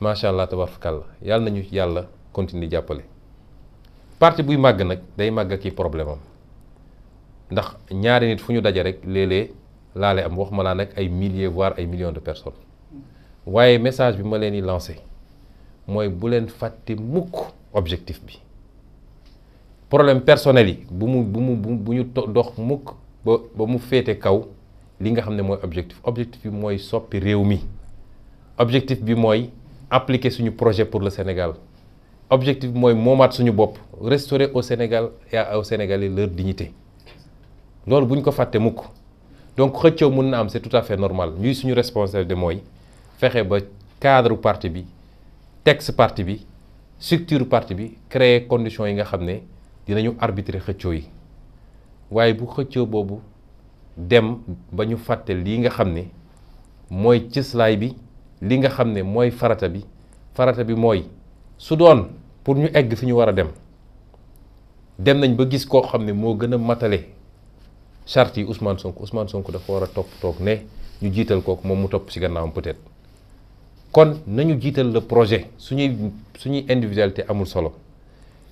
macha allah tabaarkalla yàlla nañu yàlla continuer jàppale parti buy màgg nag day màgg ak i problème am ndax ñaari nit fu ñu daje rek léeg-léeg laale am wax ma laa nag ay milliers voire ay millions de personnes waaye message bi ma leen di lancé mooy bu leen fàtte mukk objectif bi problème personnel yi bu mu bu mu bu ñu dox mukk ba ba mu féete kaw li nga xamné moy objectif objectif bi mooy soppi réew objectif bi moy appliquer suñu projet pour le Sénégal objectif moy momat suñu bop restaurer au Sénégal et au Sénégalais leur dignité lool buñ ko faté mukk donc xëccëw mun na am c'est tout à fait normal ñuy suñu de moy fexé ba cadre parti bi texte parti bi structure parti bi créer conditions yi nga xamné dinañu arbitrer xëccëw yi waye bu xëccëw bobu dem ba ñu fàtte lii nga xam ne mooy cëslaay bi lii nga xam ne mooy farata bi farata bi mooy su doon pour ñu egg fi ñu war a dem dem nañ ba gis koo xam ne moo gën a matale charte yi Ousmane Sonko Ousmane Sonko dafa war a topp toog ne ñu jiital kook moom mu topp ci gannaawam peut-être kon nañu jiital le projet suñuy suñuy individualité amul solo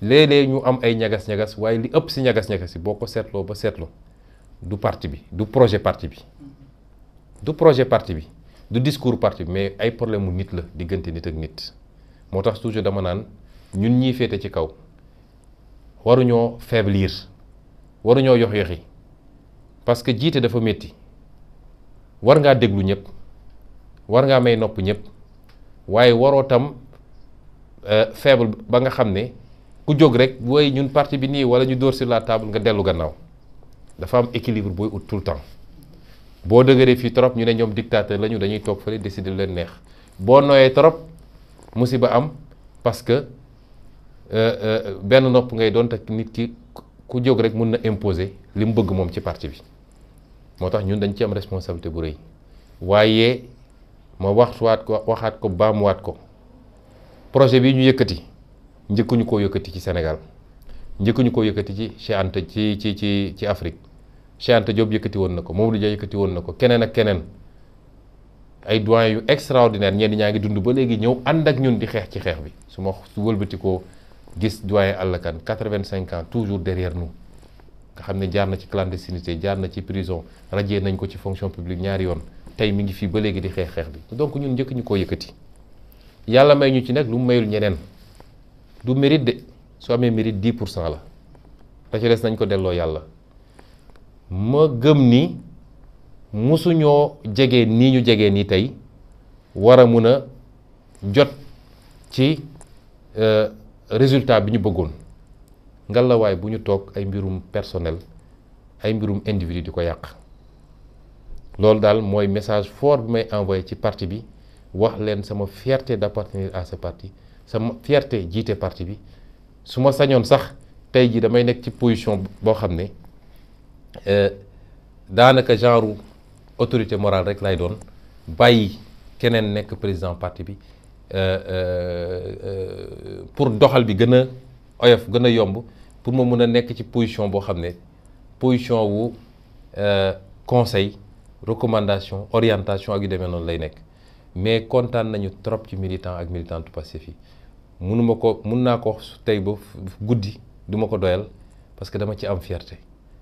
léeg-léeg ñu am ay ñagas-ñagas waaye li ëpp si ñagas-ñagas yi boo ko seetloo ba seetlu du parti du projet parti du projet parti bi du discours parti bi mais ay problème mu nit la nit ak nit motax faire toujours dama Nous ñun ñi fété ci kaw devons faiblir des yox parce que nous dafa metti war nga déglu ñëpp war nga may nopp ñëpp waaye waroo tam euh, faible ba nga xam ne ku jóg rek ñun parti bi nii wala ñu sur la table nga la femme équilibre tout le temps Si dëgëree fii trop ñu ne ñoom dictateur lañu dañuy décider leen neex boo trop musiba am parce que euh, euh, benn nopp ngay doon te nit ki ku jóg rek mun imposer li bëgg moom ci parti bi moo tax ñun dañ ci am responsabilité bu rëy waaye ma waxtuwaat ko ko ko projet bi ñu ci Sénégal Nous koo yëkkati ci chez Afrique Cheikh Anta Diop yëkkati woon na ko moom Mamadou Dia yëkkati woon na ko keneen ak keneen ay doyen yu extraordinaire ñenn ñaa ngi dund ba léegi ñëw ànd ak ñun di xeex ci xeex bi su ma su wëlbatikoo gis doyen Alla Kane quatre-vingt-cinq ans toujours derrière nous nga xam ne jaar na ci clandestinité jaar na ci prison rajee nañ ko ci fonction publique ñaari yoon tey mi ngi fii ba léegi di xeex xeex bi donc ñun njëkk ñu koo yëkkati yàlla may ñu ci nag lu mu mayul ñeneen du mérite de su amee mérite pour cent la te des nañ ko delloo yàlla. ma gëm ni musuñoo jege ni ñu jege ni tey war a a jot ci euh, résultat bi ñu bëggoon ay personnel ay mbirum individu message fort bi may envoyé ci parti bi wax leen d'appartenir à ce parti sama fierté jiite parti bi su ma sax tey ji position euh, danaka genre autorité morale rek lay doon bàyyi keneen nek président parti bi euh, euh, pour doxal bi gëna a oyof yomb pour mo mëna nek ci position bo xamné position wu conseil recommandation orientation ak yu demee nek, lay nek mais contane nañu trop ci militant ak militante Pastef yi mënuma ko ko tay bo du ko doyal parce que dama ci am fierté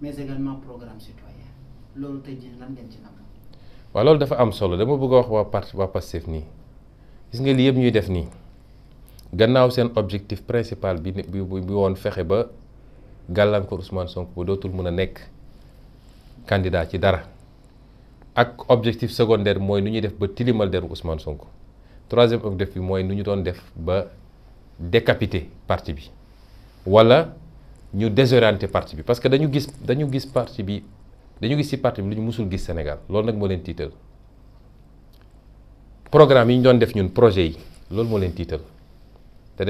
mais également programme citoyen loolu tey jii lan ngeen ci nam waaw loolu dafa am solo dama bëgg wax wa parti waa Pastef nii gis nga li yëpp ñuy def ni. gannaaw seen objectif principal bi bi bi woon fexe ba gàllankoor Ousmane Sonko bu dootul mëna nekk candidat ci dara ak objectif secondaire mooy nu ñuy def ba tilimal deru Ousmane Sonko troisième objectif bi mooy nu ñu doon def ba décapiter parti bi wala ñu désorienté parti parce que nous gis dañu parti bi dañu parti Sénégal loolu programme yi ñu projet yi loolu moo te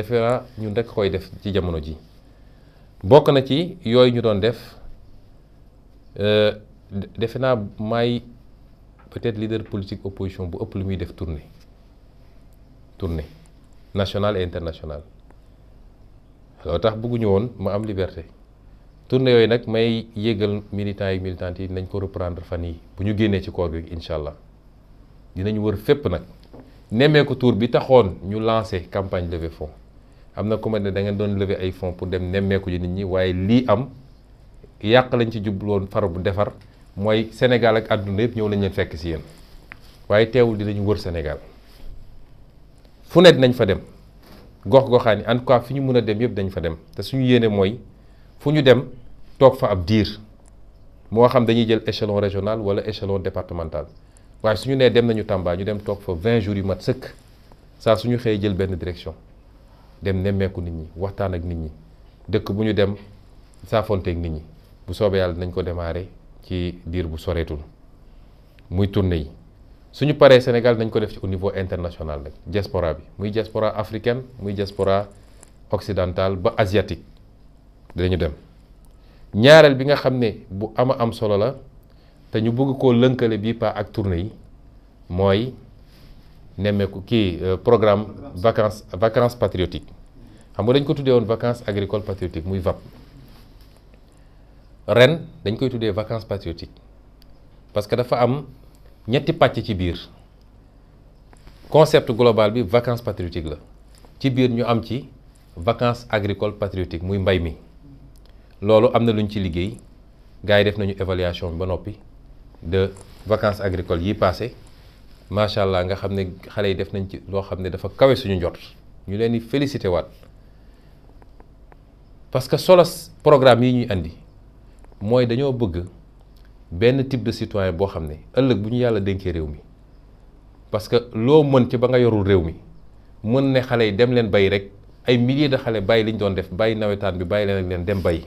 ñun rek koy def ci ji peut-être leader politique opposition bu ëpp lu muy def tournée tournée et internationale loo tax bëgguñu woon ma am liberté tournée yooyu nag may yégal militants yi militantes yi nañ ko reprendre fan yi bu ñu génnee ci koor gi incha allah dinañu wër fépp nag nemmeeku tour bi taxoon ñu lancé campagne levée fonds am na ku ma da ngeen doon lever ay fonds pour dem nemmeeku ji nit ñi waaye lii am yàq lañ ci jubloon far bu defar mooy Sénégal ak àdduna yëpp ñëw nañ leen fekk si yéen waaye teewul dinañu wër Sénégal fu nekk nañ fa dem. gox-goxaan yi en tout cas fi ñu mën a dem yëpp dañ fa dem te suñu yéene mooy fu ñu dem toog fa ab diir moo xam dañuy jël échelon régional wala échelon départemental waaye suñu nee dem nañu Tamba ñu dem toog fa 20 jours yu mat sëkk saa suñu xëyee jël benn direction dem nemmeeku nit ñi waxtaan ak nit ñi dëkk bu ñu dem saafonteeg nit ñi bu soobee yàlla nañ ko démarrer ci diir bu soreetul muy tournée yi. suñu paree Sénégal dañ ko def ci au niveau international nag diaspora bi muy diaspora africaine muy diaspora occidentale ba asiatique dinañu dem ñaareel bi nga xam ne bu am am solo la te ñu bëgg ko lënkale bii pas ak tournée yi mooy nemmeeku kii euh, programme vacances vacances patriotiques xam nga dañ ko tuddee woon vacances agricole patriotiques muy VAP ren dañ koy tuddee vacances patriotiques parce dafa am ñetti pàcc ci biir concept global bi vacances patriotiques la ci biir ñu vacances agricoles patriotiques muy mbay mi loolu am na évaluation de vacances agricoles yi passé macha nga xam ne yi def nañ ci loo félicité parce que ce programme yi ñuy andi dañoo benn type de citoyen boo xam ne ëllëg bu ñu yàlla dénkee réew mi parce que loo mën ci ba nga yorul réew mi mën ne xale yi dem leen bay rek ay milliers de xale bàyyi li ñu doon def bàyyi nawetaan bi bàyyi leen ak leen dem bay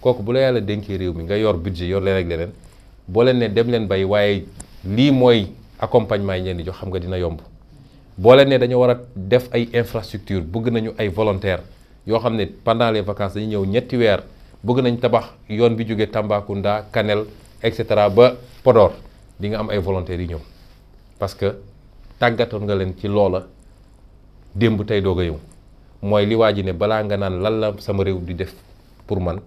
kooku bu la yàlla dénkee réew mi nga yor budget yor leen ak leneen boo leen ne dem leen bay waaye lii mooy accompagnement yi ngeen di jox xam nga dina yomb boo leen ne dañoo war a def ay infrastructure bëgg nañu ay volontaire yoo xam ne pendant les vacances dañu ñëw ñetti weer bëgg nañ tabax yoon bi jóge Tambacounda Kanel etc. ba Podor di nga am ay volonté yi ñëw parce que tagaton nga len ci loola demb tay doga yow moy li waji ne bala nga nan lan la sama rew di def pour man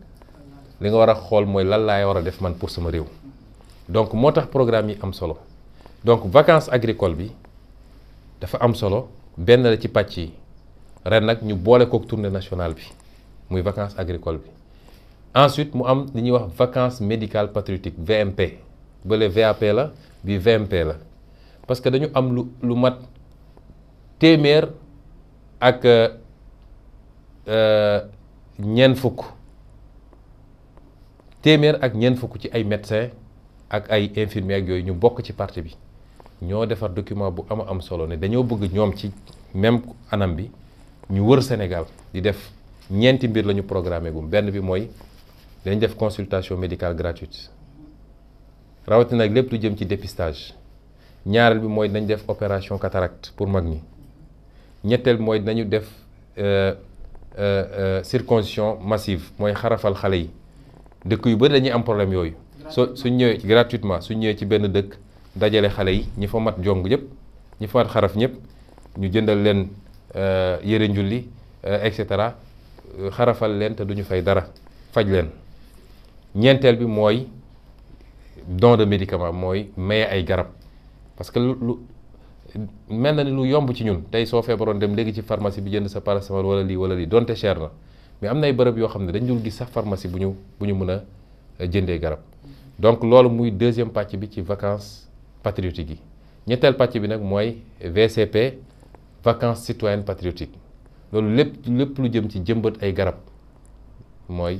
li nga wara xol moy lan la war a def man pour sama rew donc motax programme yi am solo donc vacances agricoles bi dafa am solo ben la ci patch yi ren nak ñu boole ko tournée national bi muy vacances agricoles bi ensuite mu am li ñuy wax vacances médicales patriotique VMP bële VAP la bi VMP la parce que dañu am lu lu mat téeméer ak euh, euh, ñeent fukk téeméer ak ñeent fukk ci ay médecins ak ay infirmiers ak yooyu ñu bokk ci parti bi ñoo defar document bu ama am solo ne dañoo bëgg ñoom ci même anam bi ñu wër Sénégal di def ñeenti mbir la ñu programmé gum benn bi mooy dañ def consultation médicale gratuite rawatina nag lépp lu jëm ci dépistage ñaareel bi mooy dañ def opération cataracte pour mag ñi ñetteel bi mooy dañu def euh, euh, euh, circoncision massive mooy xarafal xale yi dëkk yu bëri dañuy am problème yooyu so suñ ñëwee gratuitement suñ ñëwee ci benn dëkk dajale xale yi ñi fa mat jong ñëpp ñi fa mat xaraf ñëpp ñu jëndal leen yére njulli et cetera xarafal leen te duñu fay dara faj leen ñeenteel bi mooy don de médicament mooy maye ay garab parce que lu lu mel na ni lu yomb ci ñun tey soo feebaroon dem léegi ci pharmacie bi jënd sa paracétamol wala lii wala lii donte cher na mais am na ay bërëb yoo xam ne dañ dul gis sax pharmacie bu ñu bu ñu mën a euh, jëndee garab donc loolu muy deuxième pàcc bi ci vacance patriotique yi ñetteel pàcc bi nag mooy VCP vacances citoyennes patriotiques loolu lépp lépp lu jëm ci jëmbat ay garab mooy.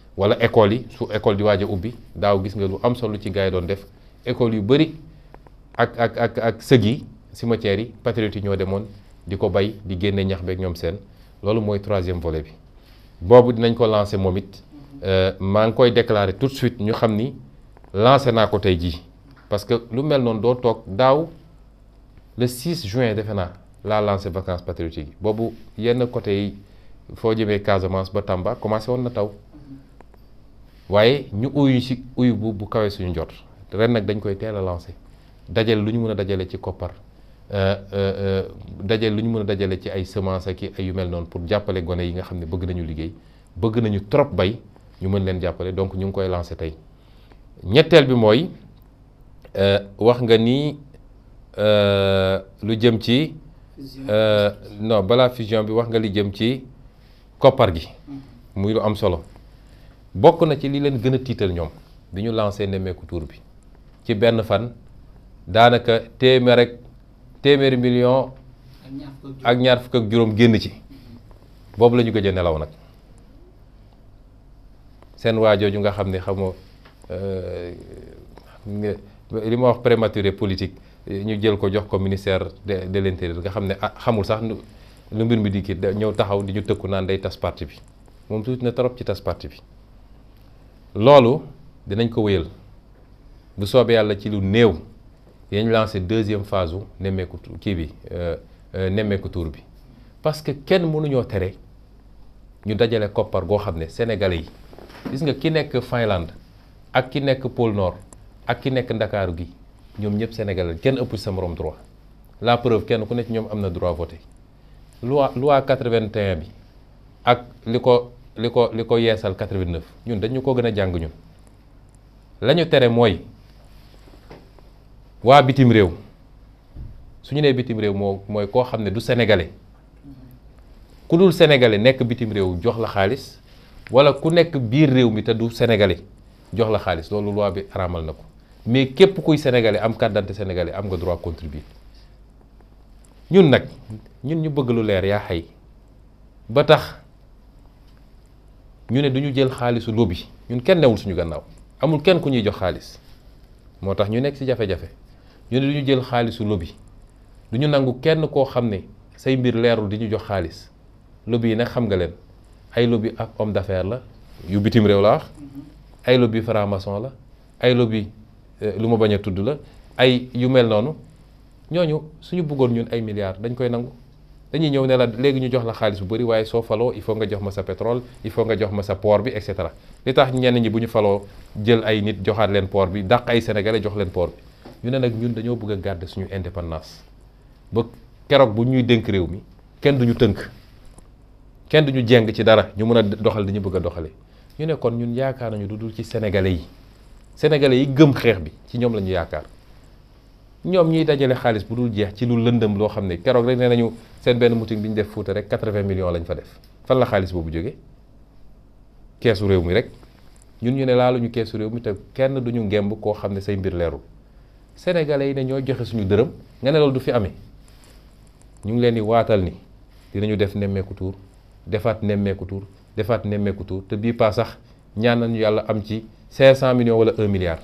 wala école yi su école di waaj a ubbi daaw gis nga lu am solo ci gars yi doon def école yu bëri ak ak ak ak sëg yi yi patriotes ñoo demone di ko bay di génne ñax bek ñom sen lolu moy 3e volet bi. bobu dinañ ko lancer momit euh ma ngi koy déclarer tout de suite ñu xam ni lancer na ko tay ji parce que lu mel non do tok daw le 6 juin defena la lancer vacances patriotiques bobu yenn côté yi foo jëmee Casamance ba Tamba commencé won na taw. waaye ñu uyu si uyu bu bu kawee suñu jot ren nag dañ koy teel a dajale lu ñu mën a dajale ci koppar euh, euh, euh, dajale lu ñu mën a dajale ci ay semence ak ay yu mel noonu pour jàppale gone yi nga xam ne bëgg nañu liggéey bëgg nañu trop bay ñu mën leen jàppale donc ñu ngi koy lancé tey ñetteel bi mooy wax nga nii lu jëm ci non balaa fusion bi wax nga li jëm ci koppar gi mm-hmm. muy lu am solo bokk na ci li leen gën a tiital ñoom bi ñu lancé nemmeeku tuur bi ci benn fan daanaka téeméer ak téeméeri million ak ñaar fukk ak juróom génn ci boobu lañu ñu gëj nelaw nag seen waajooju nga xam ne xamoo euh, li ma wax prématuré politique ñu jël ko jox ko ministère de de l'intérieur nga xam ne ah, xamul sax lu mbir mi di kii ñëw taxaw di ñu tëkku naan day tas parti bi moom tuuti na trop ci tas parti bi loolu dinañ ko wéyal bu soobee yàlla ci lu néew dinañ lancé deuxième phase u nemmeeku kii bi euh, euh, nemmeeku tour bi parce que kenn mënuñoo tere ñu dajale koppar goo xam ne sénégalais yi gis nga ki nekk Finlande ak ki nekk pôle nord ak ki nekk ndakaaru gi ñoom ñëpp sénégalais kenn ëpp sa morom droit la preuve kenn ku ne ci ñoom am na droit voter loi loi 81 bi ak li ko li ko li ko yeesal 89 ñun dañu ko gën a jàng ñun lañu tere mooy waa bitim réew su ñu nee bitim réew moo mooy koo xam ne du sénégalais ku dul sénégalais nekk bitim réew jox la xaalis wala ku nekk biir réew mi te du sénégalais jox la xaalis loolu loi bi araamal na ko mais képp kuy sénégalais am carte d'identité am nga droit contribuer ñun nag ñun ñu bëgg lu leer yaa xay ba tax. ñu ne du ñu jël xaalisu lobby ñun kenn newul suñu gannaaw amul kenn ku ñuy jox xaalis moo tax ñu nekk ci jafe-jafe ñu ne du ñu jël xaalisu lobby du ñu nangu kenn koo xam ne say mbir leerul di ñu jox xaalis lobby yi nag xam nga leen ay lobby ak homme d'affaires la yu bitim réew la wax ay lobby franc-maçon la ay lobby euh, lu ma bañ a tudd la ay yu mel noonu ñooñu suñu buggoon ñun ay milliards dañ koy nangu dañuy ñëw ne la légui ñu jox la xaaliss bu bari waye so falo il faut nga jox ma sa pétrole il faut nga jox ma sa port bi et cetera li tax ñen ñi buñu falo jël ay nit joxat leen port bi dakk ay sénégalais jox leen port bi ñu ne nak ñun dañoo bëgg garder suñu indépendance ba kérok bu ñuy dénk réew mi kenn duñu tënk kenn duñu jeng ci dara ñu mëna doxal dañu bëgg ñu ne kon ñun yaakaar nañu du dul ci sénégalais yi sénégalais yi gëm xeex bi ci ñom lañu yaakaar ñoom ñuy dajale xaalis bu dul jeex ci lu lëndëm loo xam ne keroog rek nee nañu seen benn meeting bi ñu def Fuuta rek 80 millions lañ fa def fan la xaalis boobu jógee keesu réew mi rek ñun ñu ne laaluñu keesu réew mi te kenn du ñu ngemb koo xam ne say mbir leeru sénégalais yi ne ñooy joxe suñu dërëm nga ne loolu du fi amee ñu ngi leen di waatal ni dinañu def nemmeeku tuur defaat nemmeeku tuur defaat nemmeeku tuur te bii pas sax ñaan nañu yàlla am ci 500 millions wala 1 milliard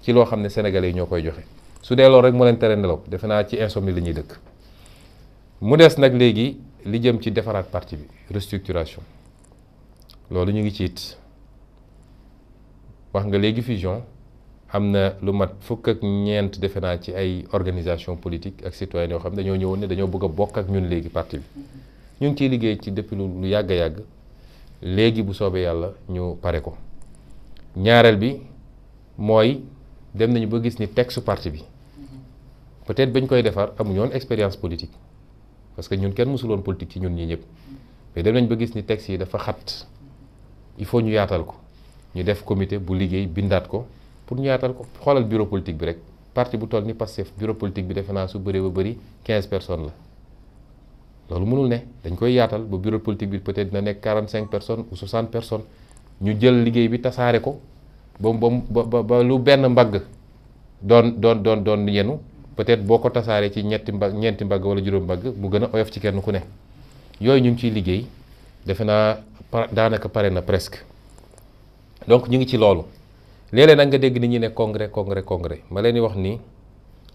ci loo xam ne sénégalais yi ñoo koy joxe. su dee loolu rek moo leen tere nelaw defe naa ci insomnie la ñuy dëkk mu des nag léegi li jëm ci defaraat parti bi restructuration loolu ñu ngi ci wax nga léegi fusion am na lu mat fukk ak ñeent defe naa ci ay organisation politique ak citoyenne yoo xam ne dañoo ñëwoon ne dañoo bëgg a bokk ak ñun léegi parti bi ñu ngi ciy liggéey ci depuis lu yàgg yàgg léegi bu soobee yàlla ñu pare ko ñaareel bi mooy dem nañu ba gis ni texte parti bi peut-être bañ koy défar amuñu expérience politique parce que ñun kenn mësul politique ci ñun ñi ñëpp mais dem nañ ba gis ni texte yi dafa xat il faut ñu yaatal ko ñu def comité bu liggéey bindaat ko pour ñu yaatal ko xolal bureau politique bi rek parti bu toll ni Pastef bureau politique bi defe naa su bëree ba bëri 15 personnes la. lolu mënul ne dañ koy yaatal bu bureau politique bi peut-être dina nek 45 personnes ou 60 personnes ñu jël liggéey bi tassaré ko ba ba ba lu benn mbag doon doon doon doon yenu peut-être boo ko tasaaree ci ñetti mbag ñeenti mbag wala juróom mbag mu gën a oyof ci kenn ku ne yooyu ñu ngi ciy liggéey defe naa daanaka pare na presque donc ñu ngi ci loolu léeg-léeg nag nga dégg ni ñi ne congrès congrès congrès ma leen di wax nii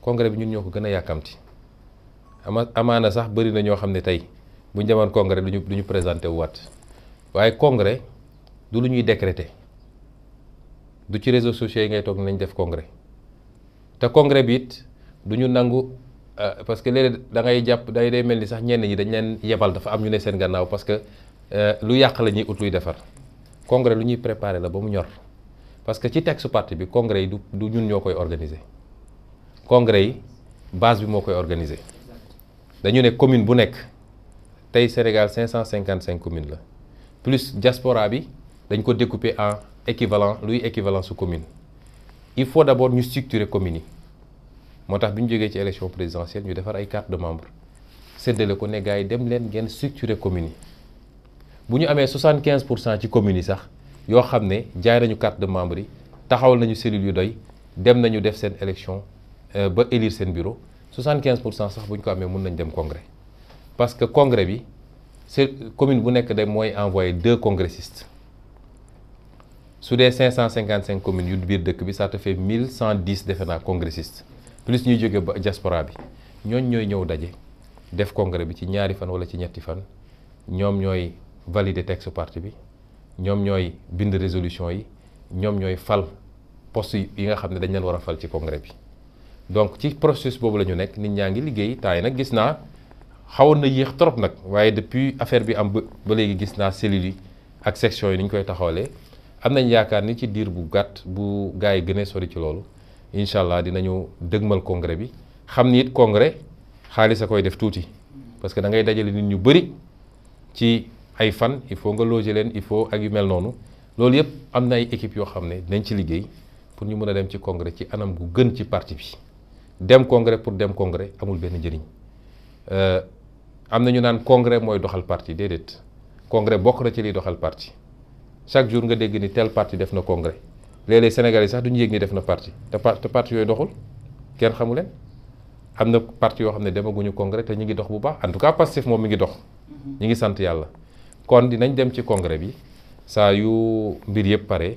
congrès bi ñun ñoo ko gën a yàkkamti ama amaana sax bëri na ñoo xam ne tey bu ñu demoon congrès du ñu du présenté wu waat waaye congrès du lu ñuy décréter du ci réseau sociaux yi ngay toog nañ def congrès te congrès bi du ñu nangu euh, parce que léeg da ngay jàpp day day mel ni sax ñenn ñi dañ leen yebal dafa am ñu ne seen gannaaw parce que euh, lu yàq la ñuy ut luy defar congrès lu ñuy préparer la ba mu ñor parce que ci texte parti bi congrès yi du du ñun ñoo koy organiser congrès yi base bi moo koy organiser dañu ne commune bu nekk tey Sénégal cinq communes la plus diaspora bi dañ ko découper en équivalent luy équivalent su commune il faut d'abord ñu structurer communes yi. motax buñu bi ci élection présidentielle ñu défar ay carte de membre cest ko ne gars dem leen gën structurer commune. Si amé 75 de la ci commune sax yo xamné jaay nañu carte de membre yi taxawal nañu cellule, yu doy dem nañu def sen élection euh, ba élire sen bureau 75 de sax buñ ko amé mën nañ dem congrès parce que congrès bi c'est commune bu nek day moy envoyé deux congressistes Sur les 555 communes yu deuk bi ça te fait 1110 defe congressistes. plus ñuy jóge ba diaspora bi ñooñ ñooy ñëw daje def congrès bi ci ñaari fan wala ci ñetti fan ñoom ñooy valider texte parti bi ñoom ñooy bind résolution yi ñoom ñooy fal poste yi nga xam ne dañ leen war a fal ci congrès bi donc ci processus boobu la ñu nekk nit ñaa ngi liggéey temps yi nag gis naa xawoon na yéex trop nag waaye depuis affaire bi am ba ba léegi gis naa cellules yi ak section yi ni ñu koy taxawalee am nañ yaakaar ni ci diir bu gàtt bu gars yi gënee sori ci loolu incha allah dinañu dëgmal congrès bi xam ni it congrès xaalis a koy def tuuti parce que da ngay dajale nit ñu bëri ci ay fan il faut nga loger leen il faut ak yu mel noonu loolu yëpp am na ay équipe yoo xam ne dañ ci liggéey pour ñu mën a dem ci congrès ci anam gu gën ci parti bi dem congrès pour dem congrès amul benn njëriñ euh, am na ñu naan congrès mooy doxal parti déedéet congrès bokk na ci liy doxal parti chaque jour nga dégg ni tel parti def na congrès les Sénégalais sax duñu yëg ni def na parti te te parti yooyu doxul kenn xamu leen am na parti yoo xam ne demaguñu congrès te ñu ngi dox bu baax en tout cas Pastef moom mi ngi dox. Mhm. ñu ngi sant yàlla kon dinañ dem ci congrès bi saa yu mbir yëpp pare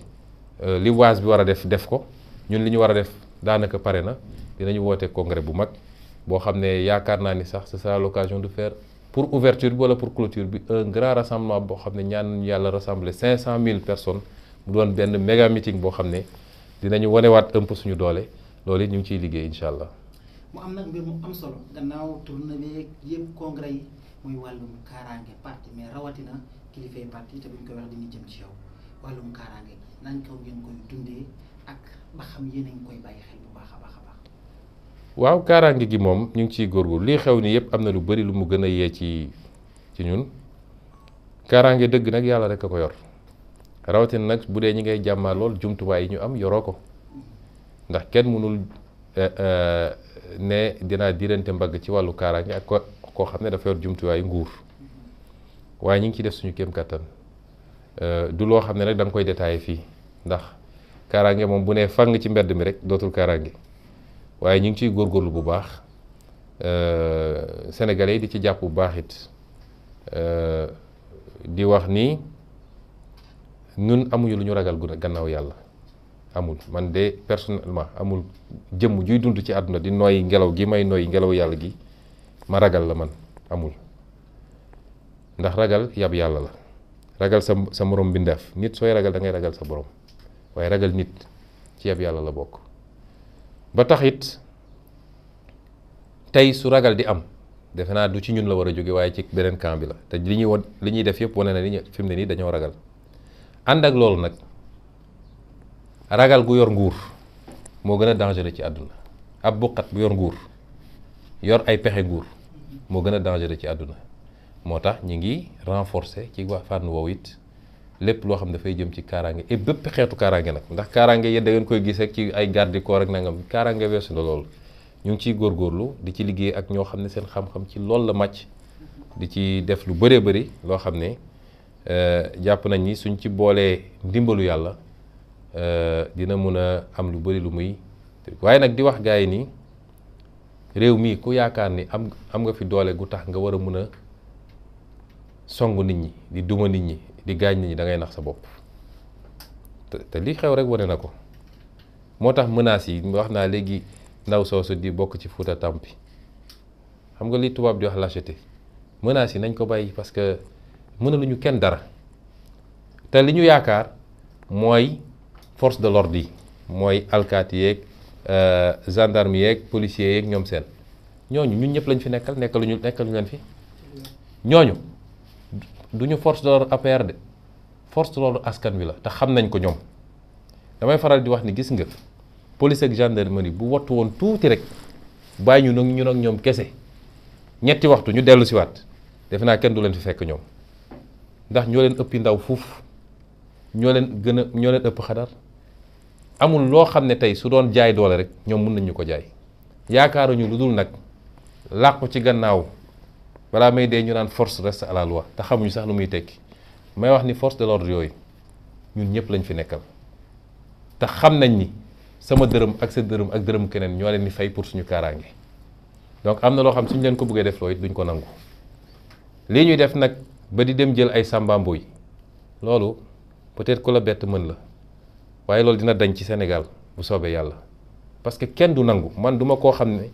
euh, li waas bi war a def def ko ñun li ñu war a def daanaka pare na dinañu woote congrès bu mag boo xam ne yaakaar naa ni sax ce sera l'occasion de faire pour ouverture bi wala pour clôture bi un grand rassemblement boo xam ne ñaan yàlla rassembler 500000 personnes. mu doon benn méga meeting boo xam ne dinañu wonewaat ëmp suñu doole loolu ñu ngi ciy liggéey incha allah. mu am nag mu am solo gannaaw tournée bi yëpp congrès yi muy wàllum kaaraange parti mais rawatina kilifay parti te bu ñu koy wax dañuy jëm ci yow wàllum kaaraange gi nan kaw ngeen koy dundee ak ba xam yéen a koy bàyyi xel bu baax a baax a baax. waaw kaaraange gi moom ñu ngi ciy góorgóorlu lii xew ni yëpp am na lu bari lu mu gën a yee ci ci ñun kaaraange dëgg nag yàlla rek a ko yor. rawatin nag bu dee ñi ngay jàmmaa lool jumtuwaay yi ñu am yoroo ko ndax kenn mënul eh, eh, ne dinaa diirante mbagg ci wàllu kaaraange ak ko koo xam ne dafa yor jumtuwaayu nguur waaye ñu ngi ci def suñu kéem kattan eh, du loo xam ne rek danga koy détaillé fii ndax kaaraange moom bu nee fang ci mbedd mi rek dootul kaaraange waaye ñu ngi ciy góor góorgóorlu bu baax sénégalais di ci jàpp bu baax it di wax nii ñun amuñu lu guna ragal gannaaw yalla amul man de personnellement amul jëmm juy dund ci àdduna di nooy ngelaw gi may nooy ngelaw yalla gi ma ragal la man amul ndax ragal yab yalla la ragal sa sa morom nit sooy ragal da ngay ragal sa borom waaye ragal nit ci yab yalla la bok ba tax it su ragal di am defena du ci ñun la wara joggé waye ci benen camp bi la te liñuy def yépp woné na liñu fimné ni dañoo ragal ànd ak loolu nag ragal gu yor nguur moo gën a dangereux ci àdduna ab buqat bu yor nguur yor ay pexe nguur moo gën a dangereux ci àdduna moo tax ñu ngi renforcer ci wax fànn woowu it lépp loo xam dafay jëm ci kaaraange et bëpp xeetu kaaraange nag ndax kaaraange yéen da koy gis rek ci ay garde corps ak nangam kaaraange weesu na loolu ñu ngi ciy góorgóorlu di ci liggéey ak ñoo xam ne seen xam-xam ci loolu la màcc di ci def lu bëree bëri loo xam ne. Euh, jàpp nañ ni suñ ci boolee ndimbalu yàlla euh, dina mun a am lu bëri lu muy waaye nag di wax gars yi nii réew mii ku yaakaar ni am am nga fi doole gu tax nga war a mun a song nit ñi di duma nit ñi di gaañ nit ñi da nax sa bopp te li xew rek wane na ko moo tax menaces yi wax naa léegi ndaw soosu di bokk ci Fouta Tampi xam nga li tubaab di wax lâcheté menaces yi nañ ko bàyyi parce ñu kenn dara te li ñu yaakaar mooy force de l'ordre yi mooy alkaati yeeg euh, gendarme yeeg policier yeek ñoom seen ñooñu ñun ñëpp lañ fi nekkal nekkaluñu nekkaluñu leen fi ñooñu duñu force de l'ordre APR de force de l'ordre askan wi la te xam nañ ko ñoom damay faral di wax ni gis nga police ak gendarmerie bu wattu woon tuuti rek bàyyi ñu nag ñun ak ñoom kese ñetti waxtu ñu dellu siwaat defe naa kenn du leen fi fekk ñoom ndax ñoo leen ëppi ndaw fuuf ñoo leen gën a ñoo leen ëpp xadar amul loo xam ne tey su doon jaay doole rek ñoom mun nañu ko jaay yaakaaruñu lu dul nag làqu ci gannaaw balaa may dee ñu naan force reste à la te xamuñu sax lu muy tekki may wax ni force de l'ordre yooyu ñun ñëpp lañ fi nekkal te xam nañ ni sama dërëm ak sa dërëm ak dërëm keneen ñoo leen di fay pour suñu kaaraange donc am na loo xam suñu leen ko bëggee def loo it ko nangu lii ñuy def nag. ba di dem jël ay sàmbaambo loolu peut-être ku la bett mën la waaye loolu dina dañ ci Sénégal bu soobee yàlla parce que kenn du nangu man duma koo xam ne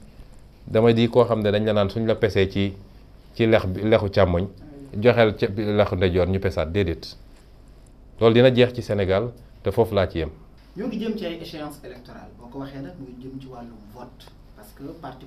dama di koo xam ne dañ la naan suñ la pesee ci ci lex lexu càmmoñ joxeel ca lexu ndeyjoor ñu pesaat déedéet loolu dina jeex ci Sénégal te foofu laa ci yem. que parti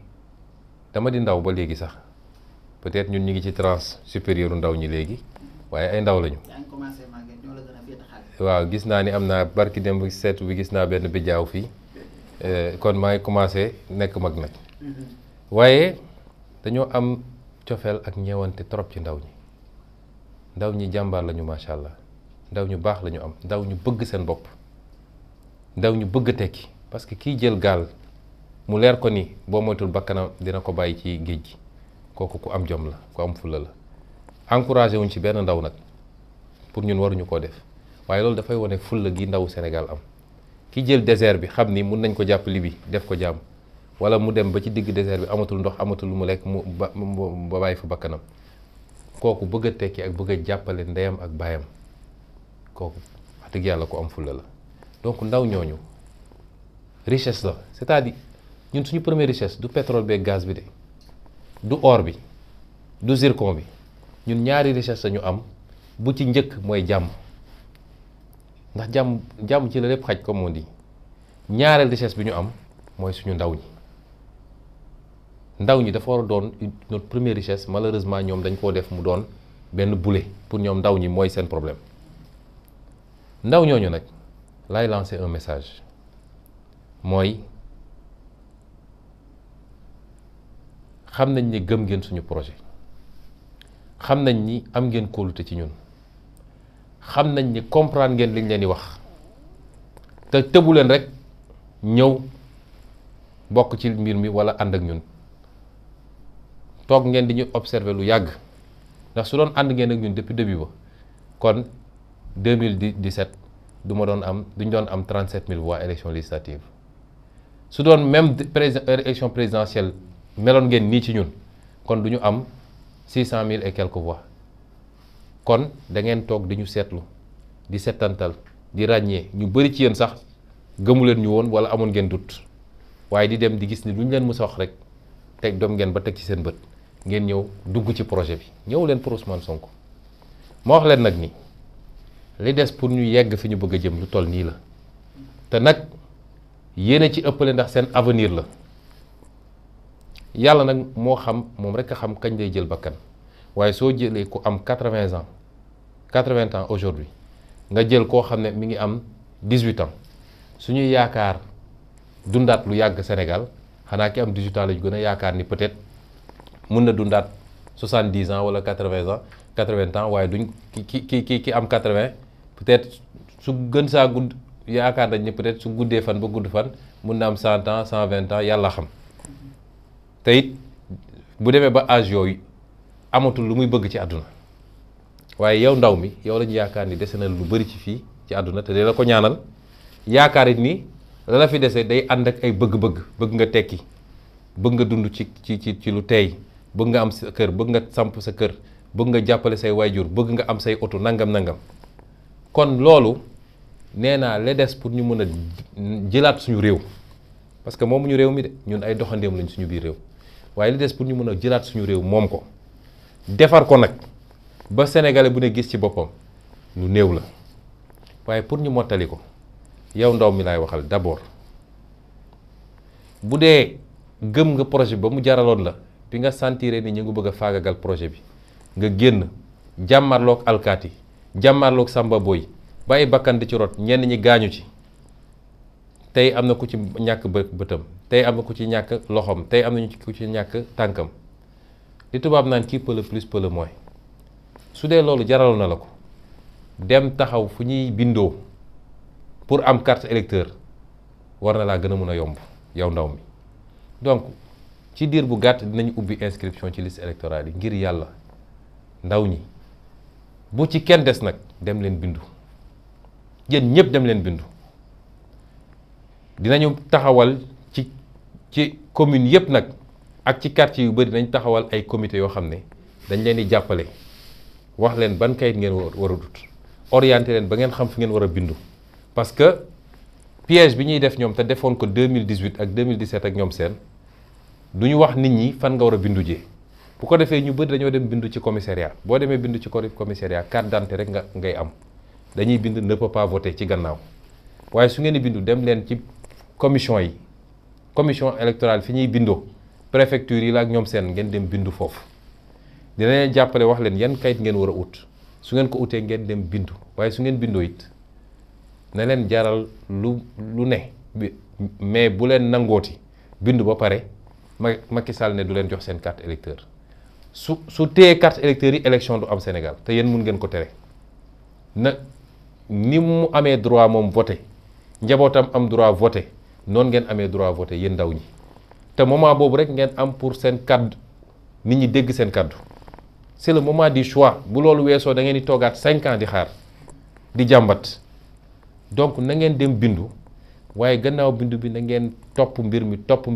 dama di ndaw ba léegi sax peut-être ñun ñi ngi ci trans supérieur ndaw ñi léegi waye ay ndaw lañu. waaw gis na ni am barki barki démb set bi gis naa benn fi euh kon maa ngi commencé nek mag nak mm-hmm. waye dañu am cofeel ak ñewante trop ci ndaw ñi ndaw ñi jambar lañu macha allah ndaw ñu bax lañu am ndaw ñu bëgg seen bop ndaw ñu bëgg tekki parce que ki jël gal mu leer ko ni boo moytul bakkanam dina ko bàyyi ci géej gi kooku ku am jom la ku am fulla la encouragé wuñ ci benn ndaw nag pour ñun waruñu koo def waaye loolu dafay wane fulla gi ndaw senegal am ki jël désert bi xam ni mun nañ ko jàppale Libye def ko jàmm wala mu dem ba ci digg désert bi amatul ndox amatul lu mu lekk mu ba ba bàyyi fa bakkanam kooku bëgg a tekki ak bëgg a jàppale ndeyam ak baayam kooku wax dëgg yàlla ku am fulla la donc ndaw ñooñu richesse la ñun suñu première richesse du pétrole beeg gaz bi de du or bi du zircon bi ñun ñaari richesse ñu am bu ci njëkk mooy jàmm ndax jàmm jàmm ci la lépp xaj comme on dit ñaareel richesse bi ñu am mooy suñu ndaw ñi ndaw ñi dafa war a doon notre première richesse malheureusement ñoom dañ koo def mu doon benn boulet pour ñoom ndaw ñi mooy seen problème ndaw ñooñu nag laay lancer un message mooy xam nañ ne gëm ngeen suñu projet xam nañ ni am ngeen kóolute ci ñun xam nañ ni comprendre ngeen liñ leen di wax te tëbu leen rek ñëw bokk ci mbir mi walla ànd ak ñun toog ngeen di ñu observer lu yàgg ndax su doon ànd ngeen ak ñun depuis début ba kon 2017 du ma doon am duñ doon am 37000 voix élection législative su doon même élection présidentielle. Melon ngeen ni ci ñun kon duñu am 600000 et quelques voix kon da ngeen tok di setlu di setantal di ragné ñu bari ci yeen sax gëmu leen ñu won wala amon ngeen dut waye di dem di gis ni luñu leen mësa wax rek tek dom ngeen ba tek ci seen bëtt ngeen ñew dugg ci projet bi ñew leen pour Ousmane Sonko mo wax leen nak ni li dess pour ñu yegg fi ñu bëgg jëm lu toll ni la té nak ci ëppalé ndax seen avenir la. yàlla nag moo xam moom rek a xam kañ lay jël bakkan waaye soo jëlee ku am quatre-vingts ans quatre-vingts ans aujourd'hui nga jël koo xam ne mi ngi am dix-huit ans suñuy yaakaar dundaat lu yàgg Sénégal xanaa ki am dix-huit ans lañu gën a yaakaar ni peut-être mun na dundaat soixante-dix ans wala quatre-vingts ans quatre-vingts ans waaye duñ ki ki ki ki am quatre-vingts peut-être su gën saa gudd yaakaar nañ ni peut su guddee fan ba gudd fan mun na am cent ans cent vingt ans yàlla xam. te bu demee ba âge yooyu amatul lu muy bëgg ci àdduna waaye yow ndaw mi yow lañu yaakaar ni dese na lu bari ci fii ci àdduna te la ko ñaanal yaakaar it ni la la fi dese day ànd ak ay bëgg-bëgg bëgg nga tekki bëgg nga dund ci ci ci ci lu teey bëgg nga am sa kër bëgg nga samp sa kër bëgg nga jàppale say waajur bëgg nga am say oto nangam nangam kon loolu nee naa la des pour ñu mën a jëlaat suñu réew parce que moomu ñu réew mi de ñun ay doxandeem lañ suñu biir réew. waaye li des pour ñu mën a jëlaat suñu réew moom ko defar ko nag ba sénégalais bu ne gis ci boppam lu néew la waaye pour ñu mottali ko yow ndaw mi laay waxal d'abord bu dee gëm nga projet ba mu jaraloon la bi nga sentiree ni ñu ngi bëgg a faagagal projet bi nga génn jàmmarloog alkaati jàmmarloog samba boy bàyyi bakkan ci rot ñenn ñi gaañu ci tey am na ku ci ñàkk bë bëtam tey am na ku ci ñàkk loxoom tey am nañu ku ci ñàkk tànkam li tubaab naan kii peut le plus peut le su dee loolu jaral na la ko dem taxaw fu ñuy bindoo pour am carte électeur war na laa gën a mën a yomb yow ndaw mi donc ci diir bu gàtt dinañ ubbi inscription ci liste électorale yi ngir yàlla ndaw ñi bu ci kenn des nag dem leen bindu yéen ñëpp dem leen bindu dinañu taxawal ci commune yëpp nag ak ci quartier yu bëri dañ taxawal ay comité yoo xam ne dañ leen di jàppale wax leen ban kayit ngeen war a dut orienté leen ba ngeen xam fi ngeen war a bindu parce que piège bi ñuy def ñoom te defoon ko 2018 ak 2017 ak ñoom seen du ñu wax nit ñi fan nga war a bindu jee bu ko defee ñu bëri dañoo dem bindu ci commissariat boo demee bindu ci commissariat carte d'identité rek nga ngay am dañuy bind ne peut ci gannaaw waaye su ngeen di bindu dem leen ci commission yi commission électorale fi ñuy bindoo préfecture yi la ak ñoom seen ngeen dem bindu foofu dina leen jàppale wax leen yan kayit ngeen war a ut su ngeen ko utee ngeen dem bindu waaye su ngeen bindoo it na leen jaral lu lu ne mais bu leen nangooti bindu ba pare ma Macky Sall ne du leen jox seen carte électeur su su téye carte électeur yi élection du am Sénégal te yéen mun ngeen ko tere na ni mu amee droit moom voté njabootam am droit voté non ngeen le droit voter. ndaw ñi moment bobu rek ngeen am pour sen carte. nit ñi dégg c'est le moment du choix bu loolu wéso da ngeen di 5 ans di xaar di jambat donc na ngeen dem bindu waye gannaaw bindu bi na ngeen mbir mi carte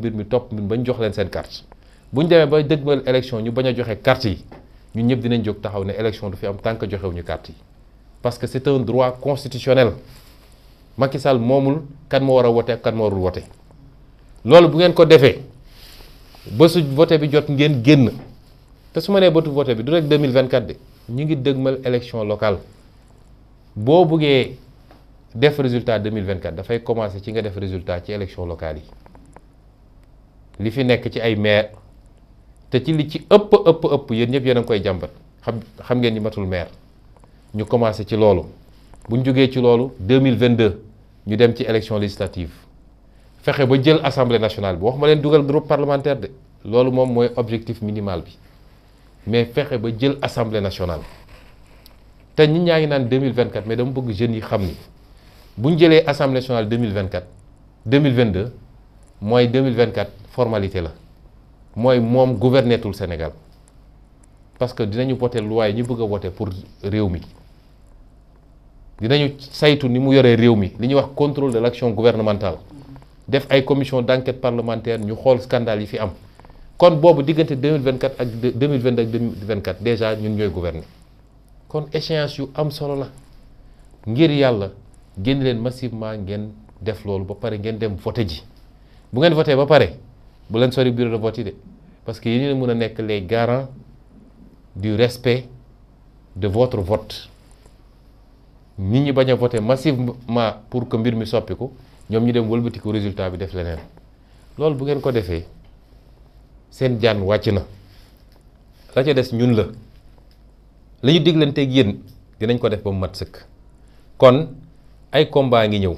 élection a carte carte parce que c'est un droit constitutionnel Macky Sall momul kan mo wara a kan mo warul wote lolou bu ngeen ko defee bésu vote bi jot ngeen genn te suma né botu bëtu vote bi du rek 2024 de ñi ngi dëgmal élection locale bo buggee def résultat 2024 fay commencer ci nga def résultat ci élection locale yi li fi nekk ci ay maire te ci li ci ëpp ëpp ëpp yeen ñep yéen ngoy ngi xam xam ngeen ni matul maire ñu commencer ci loolu buñ ñu jógee ci loolu 2022 ñu dem ci élection législative fexe ba jël assemblée nationale bi wax ma leen dugal groupe parlementaire de loolu moom mooy objectif minimal bi mais fexe ba jël assemblée nationale te ñi ñaa ngi 2024 mais dama bëgg jeunes yi xam ni bu jëlee assemblée nationale 2024 2022 mooy 2024 formalité la gouverner tout le Sénégal parce que dinañu voté loi yi ñu bëgg a pour réew mi dinañu saytu ni mu yoré réew mi li ñuy wax contrôle de l'action gouvernementale def ay commission d'enquête parlementaire ñu xool scandale yi fi am kon boobu diggante 2024 ak 2022 ak 2024 déjà ñun ñooy gouverner kon échéance yu am solo la ngir yàlla génn leen massivement ngeen def loolu ba pare ngeen dem vote ji bu ngeen voté ba pare bu leen sori bureau de vote yi de parce que yéen a mën a nekk les garants du respect de votre vote nit ñi bañ a voté massivement pour que mbir mi soppiku ñoom ñu dem wëlbatiku résultat bi def leneen loolu bu ngeen ko defee seen jaan wàcc na la ca des ñun la li ñu diglanteeg yéen dinañ ko def ba mu mat sëkk kon ay combat ngi ñëw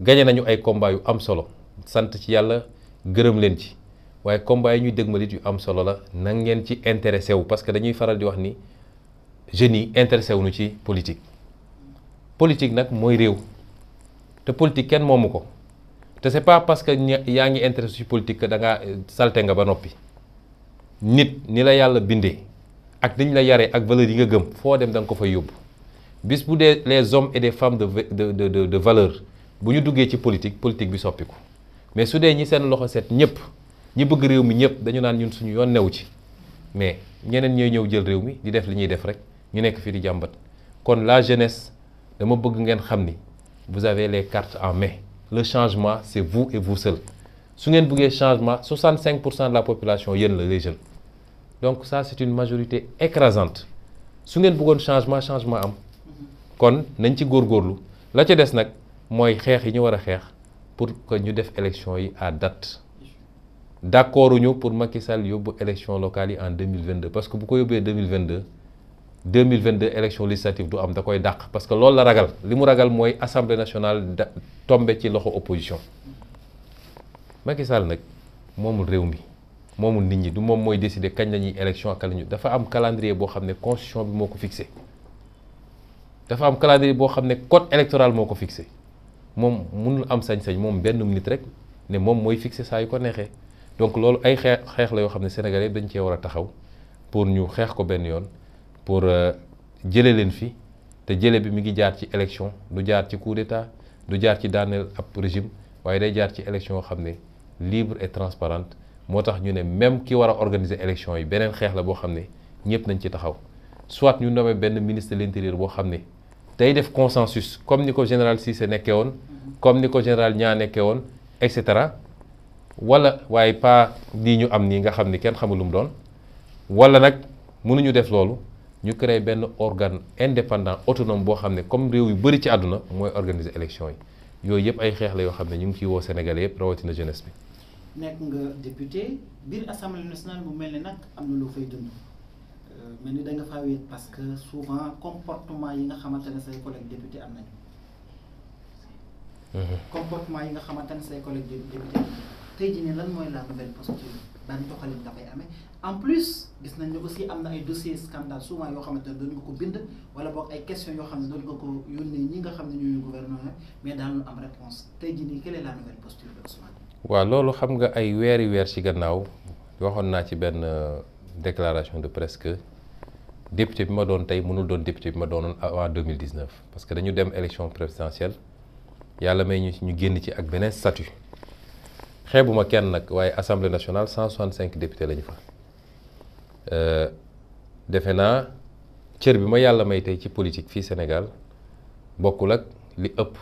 gañe nañu ay combat yu am solo sant ci yàlla gërëm leen ci waaye combat yi ñuy dégmalit yu am solo la na ngeen ci intéressé wu parce que dañuy faral di wax ni jeunes yi intéressé wuñu ci politique politique nag mooy réew te politique kenn moomu ko te c'est pas parce que yaa ngi intéressé ci politique que da ngaa euh, salte nga ba noppi nit ni la yàlla bindee ak dañ la yare ak valeur yi nga gëm foo dem da nga ko fay yóbbu bis bu dee les hommes et des femmes de de de de valeur bu ñu duggee ci politique politique bi soppiku mais su dee ñi seen loxo set ñëpp ñi bëgg réew mi ñëpp dañu naan ñun suñu yoon new ci mais ñeneen ñooy ñëw jël réew mi di def li ñuy def rek. ñu nekk fi di jàmbat kon la jeunesse dama bëgg ngeen xam ni vous avez les cartes en main le changement c'est vous et vous seul su ngeen bëggee changement 65 de la population yéen la région. donc ça c'est une majorité écrasante su ngeen bëggoon changement changement am kon nañ ci góorgóorlu la ca des nag mooy xeex yi ñu war a pour que ñu def élection yi à date d'accord ñu pour Macky Sall yóbbu élection locale yi en 2022 parce que bu ko yóbbee 2022 2022 élection législative du am da koy dàq parce que loolu la ragal limu ragal moy assemblée nationale tombé ci loxo opposition Macky Sall nak momul rewmi momul nit ñi du mom moy décider kañ lañuy élection ak kañ dafa am calendrier bo xamné constitution bi moko ko fixé dafa am calendrier bo xamné code électoral moko ko fixé moom mënul am sañ-sañ mom benn nit rek né mom moy fixé saa yu ko nexé donc loolu ay xeex xeex la yo xamné Sénégalais dañ ci wara taxaw pour ñu xeex ko benn yoon pour euh, jële leen fi te jële bi mi ngi jaar ci élection du jaar ci coup d'état du jaar ci daaneel ab régime waaye day jaar ci élection yoo libre et transparente Motax ñu né même ki wara organiser élection yi benen xeex la bo xamné ñepp nañ ci taxaw soit ñu nommé benn ministre de l'intérieur bo xamné tay def consensus comme ni général Cissé nekkee woon comme ni général Niang nekkee woon et cetera wala waaye pa di ñu am ni nga xamné ne kenn xamul lu mu doon wala nak mënu ñu def lolu ñu créé benn organ indépendant autonome boo xam ne comme réew yu bëri ci àdduna mooy organiser élection yi yooyu yëpp ay xeex la yoo xam ne ñu ngi ciy woo Sénégalais yëpp rawatina jeunesse bi. nekk nga député biir assemblée nationale bu mel ni nag am na loo fay dund euh, mel ni da nga faa wéet parce que souvent comportement yi nga xamante ne say collègues député am nañu. Mhm. comportement yi nga xamante ne say collègues député am nañu tey jii ne lan mooy la nouvelle posture en plus gis nañ aussi am na ay dossiers scandale souvent yoo xamante ne doon nga ko bind wala boog ay questions yoo xam ne doon ko yónnee ñi nga xam ne gouvernement mais daanu am réponse tey jii nii quelle est la nouvelle posture de Ousmane. waaw loolu xam nga ay weeri weer ci gannaaw waxoon naa ci benn euh, déclaration de presse que député bi ma doon tey mënul doon député bi ma doonoon avant 2019 parce que dañu dem élection présidentielle yàlla may ñu ñu génn ci ak beneen statut xeebuma kenn nag waaye assemblée nationale 165 députés la ñu fa. Euh, defe naa cër bi ma yàlla may tey ci politique fii Sénégal bokkul ak li ëpp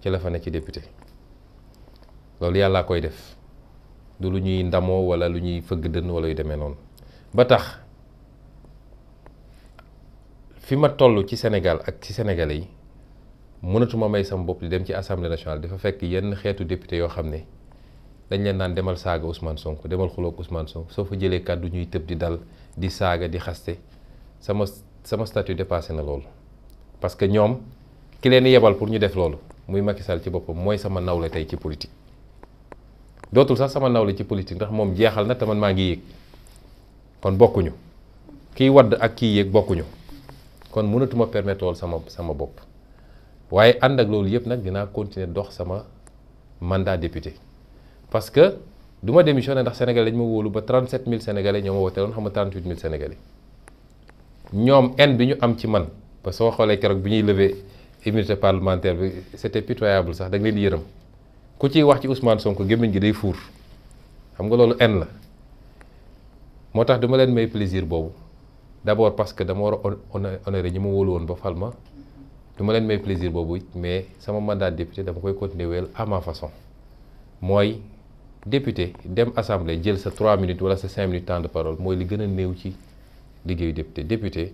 ci la fa ne ci député loolu yàllaa koy def du lu ñuy ndamoo wala lu ñuy fëgg dënn wala yu demee noonu ba tax fi ma toll ci Sénégal ak ci Sénégalais yi mënatuma may sam bopp di dem ci assemblée nationale dafa fekk yenn xeetu député yoo xam ne dañ leen naan demal saaga Ousmane sonk demal xuloog Ousmane Sonko soo fa jëlee kàddu ñuy tëb di dal di saaga di xaste sama sama statut dépassé na loolu parce que ñoom ki leen yebal pour ñu def loolu muy Macky Sall ci boppam mooy sama nawle tey ci politique dootul sax sama nawle ci politique ndax moom jeexal na te maa ngi yéeg kon bokkuñu kiy wadd ak kiy yéeg bokkuñu kon mënatuma permettre loolu sama sama bopp waaye ànd ak loolu yëpp nag dinaa continuer dox sama mandat député parce que duma ma ndax sénégalais dañ ma wóolu ba 37000 sénégalais ñoo woté won xam nga 38000 sénégalais ñom haine bi ñu am ci man ba so xolé keroog bi ñuy lever immunité parlementaire bi c'était pitoyable sax da nga leen yërëm ku ci wax ci Ousmane Sonko gémmiñ gi day fuur xam nga lolu haine la motax duma leen may plaisir bobu d'abord parce que dama war a honoré ñi ma wolu won ba falma duma leen may plaisir bobu mais sama mandat député dama koy continuer wel à ma façon moy député dem assemblée jël sa 3 minutes wala sa 5 minutes temps de parole moy li gëna a ci liggéeyu député député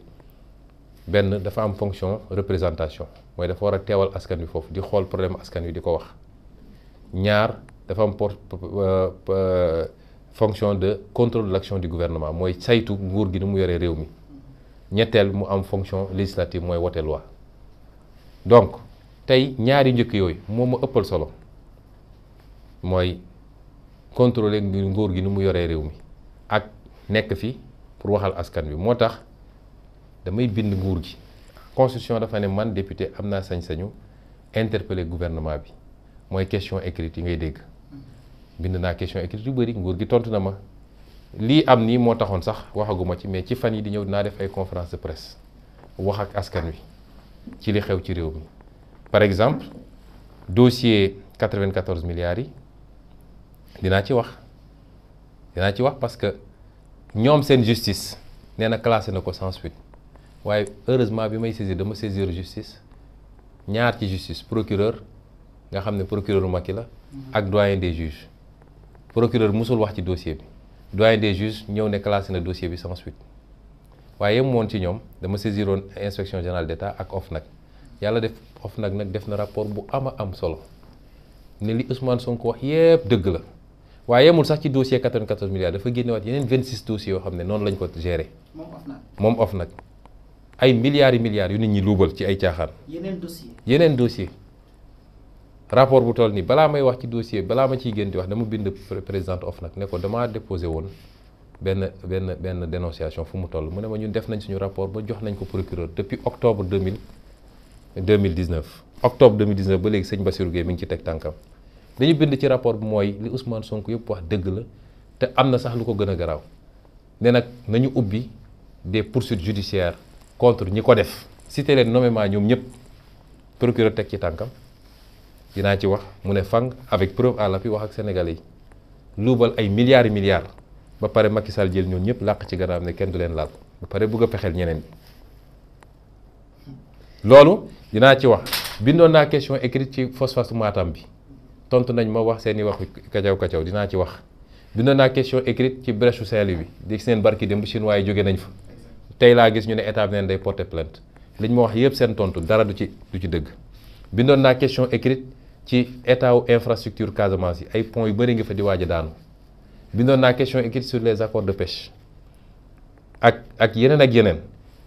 benn dafa am fonction représentation moy dafa wara téwal askan bi fofu di xol problème askan wi di ko wax ñaar dafa am fonction de contrôle de l'action du gouvernement moy saytu nguur gi nu mu yoree réew mi ñettel mu am fonction législative moy woté loi donc tay ñaari njëkk yoy moo ma ëppal solo moy contrôler nguur gi ni mu yoree réew mi ak nekk fi pour waxal askan bi moo tax damay bind nguur gi constitution dafa ne man député am naa sañ-sañu interpeller gouvernement bi mooy question écrite yi ngay dégg bind naa question écrite yu bëri nguur gi tontu na ma lii am nii moo taxoon sax waxaguma ci mais ci fan yi di ñëw dinaa def ay conférence de presse wax ak askan wi ci li xew ci réew mi par exemple dossier 94 milliards yi dinaa ci wax dinaa ci wax parce que ñoom seen justice nee na classé na ko sans suite waaye heureusement bi may saisir dama saisir justice ñaar ci justice procureur nga xam ne procureur Macky la ak doyen des juges procureur musul wax ci dossier bi doyen des juges ñëw ne classé na dossier bi sans suite waaye yem woon ci ñoom dama saisiroon inspection générale d'État ak OFNAC yàlla def OFNAC nag def na rapport bu ama am solo ne li Ousmane Sonko wax yépp dëgg la waaye yemul sax ci dossier 94 milliards dafa génnewaat yeneen 26 dossiers yoo xam ne noonu lañ ko gérer. moom of nag ay milliards yi yu nit ñi luubal ci ay caaxaan. yeneen dossier yeneen dossier rapport bu toll nii balaa may wax ci dossier balaa ma ciy gën di wax dama bind présidente of nag ne ko damaa déposé woon benn benn benn dénonciation fu mu toll mu ne ma ñun def nañ suñu rapport ba jox nañ ko procureur depuis octobre 2000 2019 octobre 2019 ba léegi sëñ Bassirou Guèye mi ngi ci teg tànkam. dañu bind ci rapport bi mooy li Ousmane Sonko yëpp wax dëgg la te am na sax lu ko gën a garaaw ne nag nañu ubbi de poursuites judiciaires contre ñi ko def cité leen nommément ñoom ñëpp procureur teg ci tànkam dinaa ci wax mu ne fang avec preuve à l'appui wax ak sénégalais yi luubal ay milliards et ba pare Macky Sall jël ñoom ñëpp làq ci gannaaw ne kenn du leen laal ba pare bëgg a ñeneen loolu dinaa ci wax bindoon naa question écrite ci phosphate Matam bi tontu nañ ma wax seen i waxu kacaw kacaw dinaa ci wax bind naa question écrite ci brèche Saint-Louis bi di gis neen barki démb chinois yi jóge nañ fa tey laa gis ñu ne état bi neen day porter plainte li ma wax yëpp seen tontu dara du ci du ci dëgg bindoon naa question écrite ci état wu infrastructure Casamance yi ay pont yu bëri nga fa di waaj a daanu bindoon naa question écrite sur les accords de pêche ak ak yeneen ak yeneen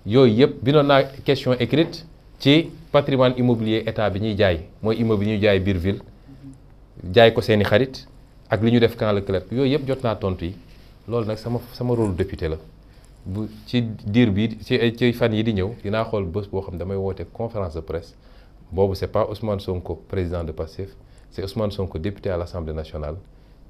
yooyu yëpp bindoon naa question écrite ci patrimoine immobilier état bi ñuy jaay mooy immeuble bi ñuy jaay biir ville jaay ko seeni xarit ak li ñu def camp Leclerc yooyu yëpp jot naa tontu yi loolu nag sama sama rôle député la bu ci diir bi ci ci fan yi di ñëw dinaa xool bés boo xam damay woote conférence de presse boobu c'est pas Ousmane Sonko président de Pastef c'est Ousmane Sonko député à l'Assemblée nationale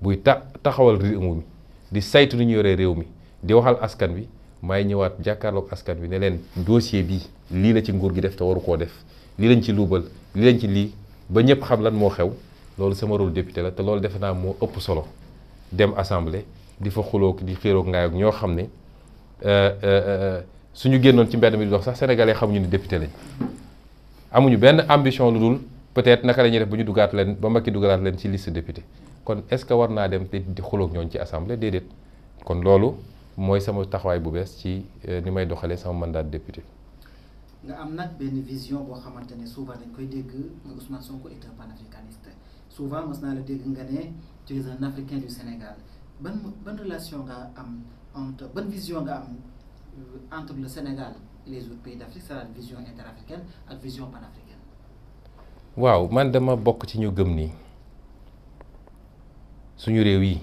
buy tax taxawal réew mi di saytu lu ñu yoree réew mi di waxal askan wi may ñëwaat jàkkaarloog askan wi ne leen dossier bi lii la ci nguur gi def te waru koo def lii lañ ci luubal lii ci lii ba ñëpp xam lan moo xew loolu sama rôle député la te loolu defe naa moo ëpp solo dem assemblée di fa xuloog di xiiroog ngaay ak ñoo xam ne euh, euh, euh, suñu génnoon ci mbedd mi di dox sax sénégalais xamuñu ne député lañ amuñu benn ambition lu dul peut-être naka la ñuy def ba ñu dugaat leen ba Macky dugaat leen ci liste député kon est-ce war naa dem te di xuloog ñooñu ci assemblée déedéet kon loolu mooy sama taxawaay bu bees ci ni may doxalee sama mandat de député. nga am nag benn vision boo xamante ne souvent dañ souvent mos naa la dégg nga tu es un Africain du Sénégal bonne bonne relation nga am entre bonne vision nga am euh, entre le Sénégal et les autres pays d'Afrique cest la vision interafricaine la vision panafricaine. waaw man dama bok ci ñu gëm ni suñu réew yi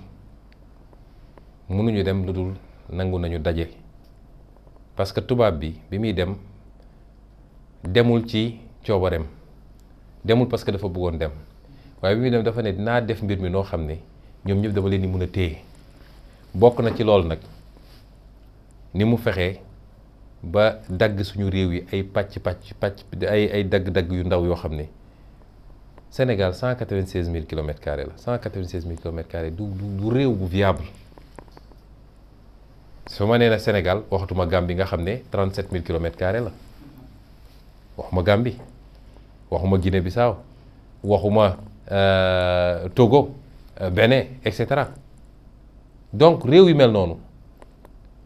mënuñu dem lu dul nangu nañu daje parce que tubaab bi bi mi dem demul ci coobareem demul parce que dafa bëggoon dem. waaye bi muy dem dafa ne dinaa def mbir mi noo xam ne ñoom ñëpp dama leen di mun a téye bokk na ci loolu nag ni mu fexee ba dagg suñu réew yi ay pàcc pàcc pàcc ay ay dagg-dagg yu ndaw yoo xam ne Sénégal cent quatre-vingt-seize mille kilomètres carrés la cent quatre-vingt-seize mille kilomètres carrés du du réew bu viable su ma nee na Sénégal waxatuma Gambie nga xam ne trente-sept mille kilomètres carrés la waxuma Gambie waxuma Guinée-Bissau waxuma Euh, Togo euh, Bénin etc donc réew yu mel noonu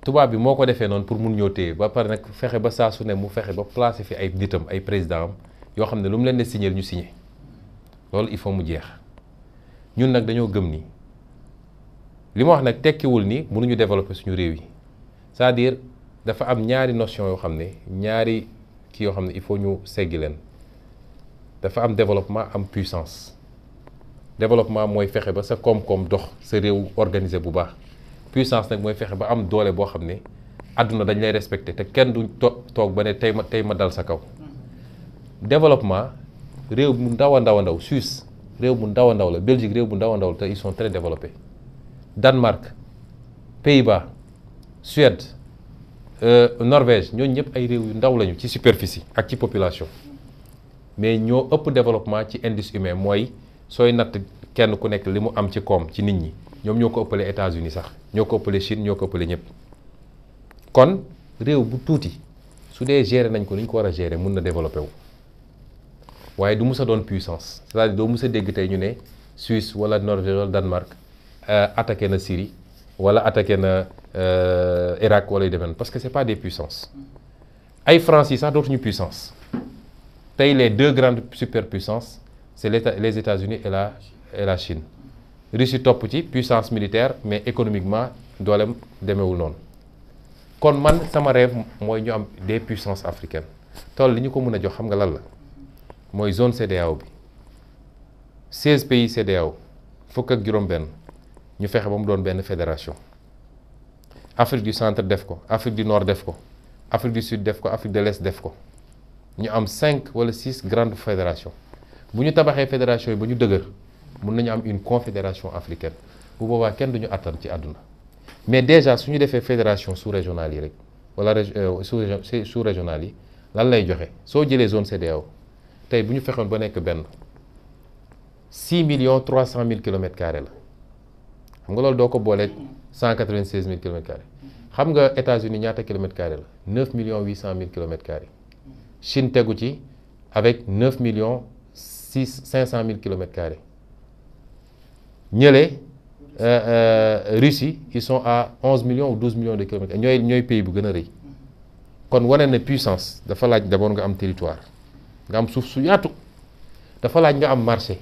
tubaab bi moo ko defee pour mun ñoo téye ba pare nag fexe ba saa su ne mu fexe ba placé fi ay ditam ay président am yoo lu mu il faut mu jeex ñun nag dañoo gëm ni li ma wax développer suñu c'est-à-dire dafa am ñaari notion yoo xam ñaari kii il faut ñu am développement am puissance développement moy fexé ba sa kom kom dox sa réew organisé bu baax puissance nag moy fexé ba am doole bo xamné ne dañ lay respecté té kenn du tok bané ne tey ma ma dal sa kaw développement réew mu ndaw ndaw ndaw Suisse réew mu ndaw ndaw la Belgique réew mu ndaw ndaw la ils sont très développés Danemark Pays-Bas Suède euh, Norvège ñooñu ñëpp ay réew yu ndaw lañu ci superficie ak ci population mais ñoo ëpp développement ci indice humain mooy So nat kenn ku Nous limu am ci ci nit ñi ñom États-Unis sax ñoko les Chine sommes kon réew bu tuuti su dee gérer nañ ko ko war gérer wu puissance c'est-à-dire doo Suisse wala Norvège Danemark euh, attaqué na Syrie wala attaqué na euh, Irak wala parce que c'est pas des puissances ay France yi sax dootuñu puissance tey les deux grandes superpuissances c'est les États-Unis et la, et la Chine Russie top petit, puissance militaire mais économiquement dooleem demeewul non. kon man sama rêve que ñu am des puissances africaines nous li ñu ko zone CEDEAO 16 pays CEDEAO avons ak juróom ñu fexe fédération Afrique du centre Afrique du nord Afrique du sud Afrique de l'est def Nous avons 5 ou 6 grandes fédérations. Si nous avons une fédération, nous avons une confédération africaine. Nous ne pouvons pas attendre Aduna. Mais déjà, si nous avons une fédération sous-régionale, sous-régionale, nous avons une fédération. Si les zones si nous avons une bonne 6 300 000 km. 2 Vous avez une fédération 196 000 km. 2 Vous États-Unis, nous avons km. 9 800 000 km. 2 Chine, avec 9 millions 500 000 km. carrés euh, euh, Russie, sont à 11 millions ou 12 millions de km. Nous sommes pays qui sont Quand on a une puissance, il faut d'abord un territoire. Il faut avoir un marché.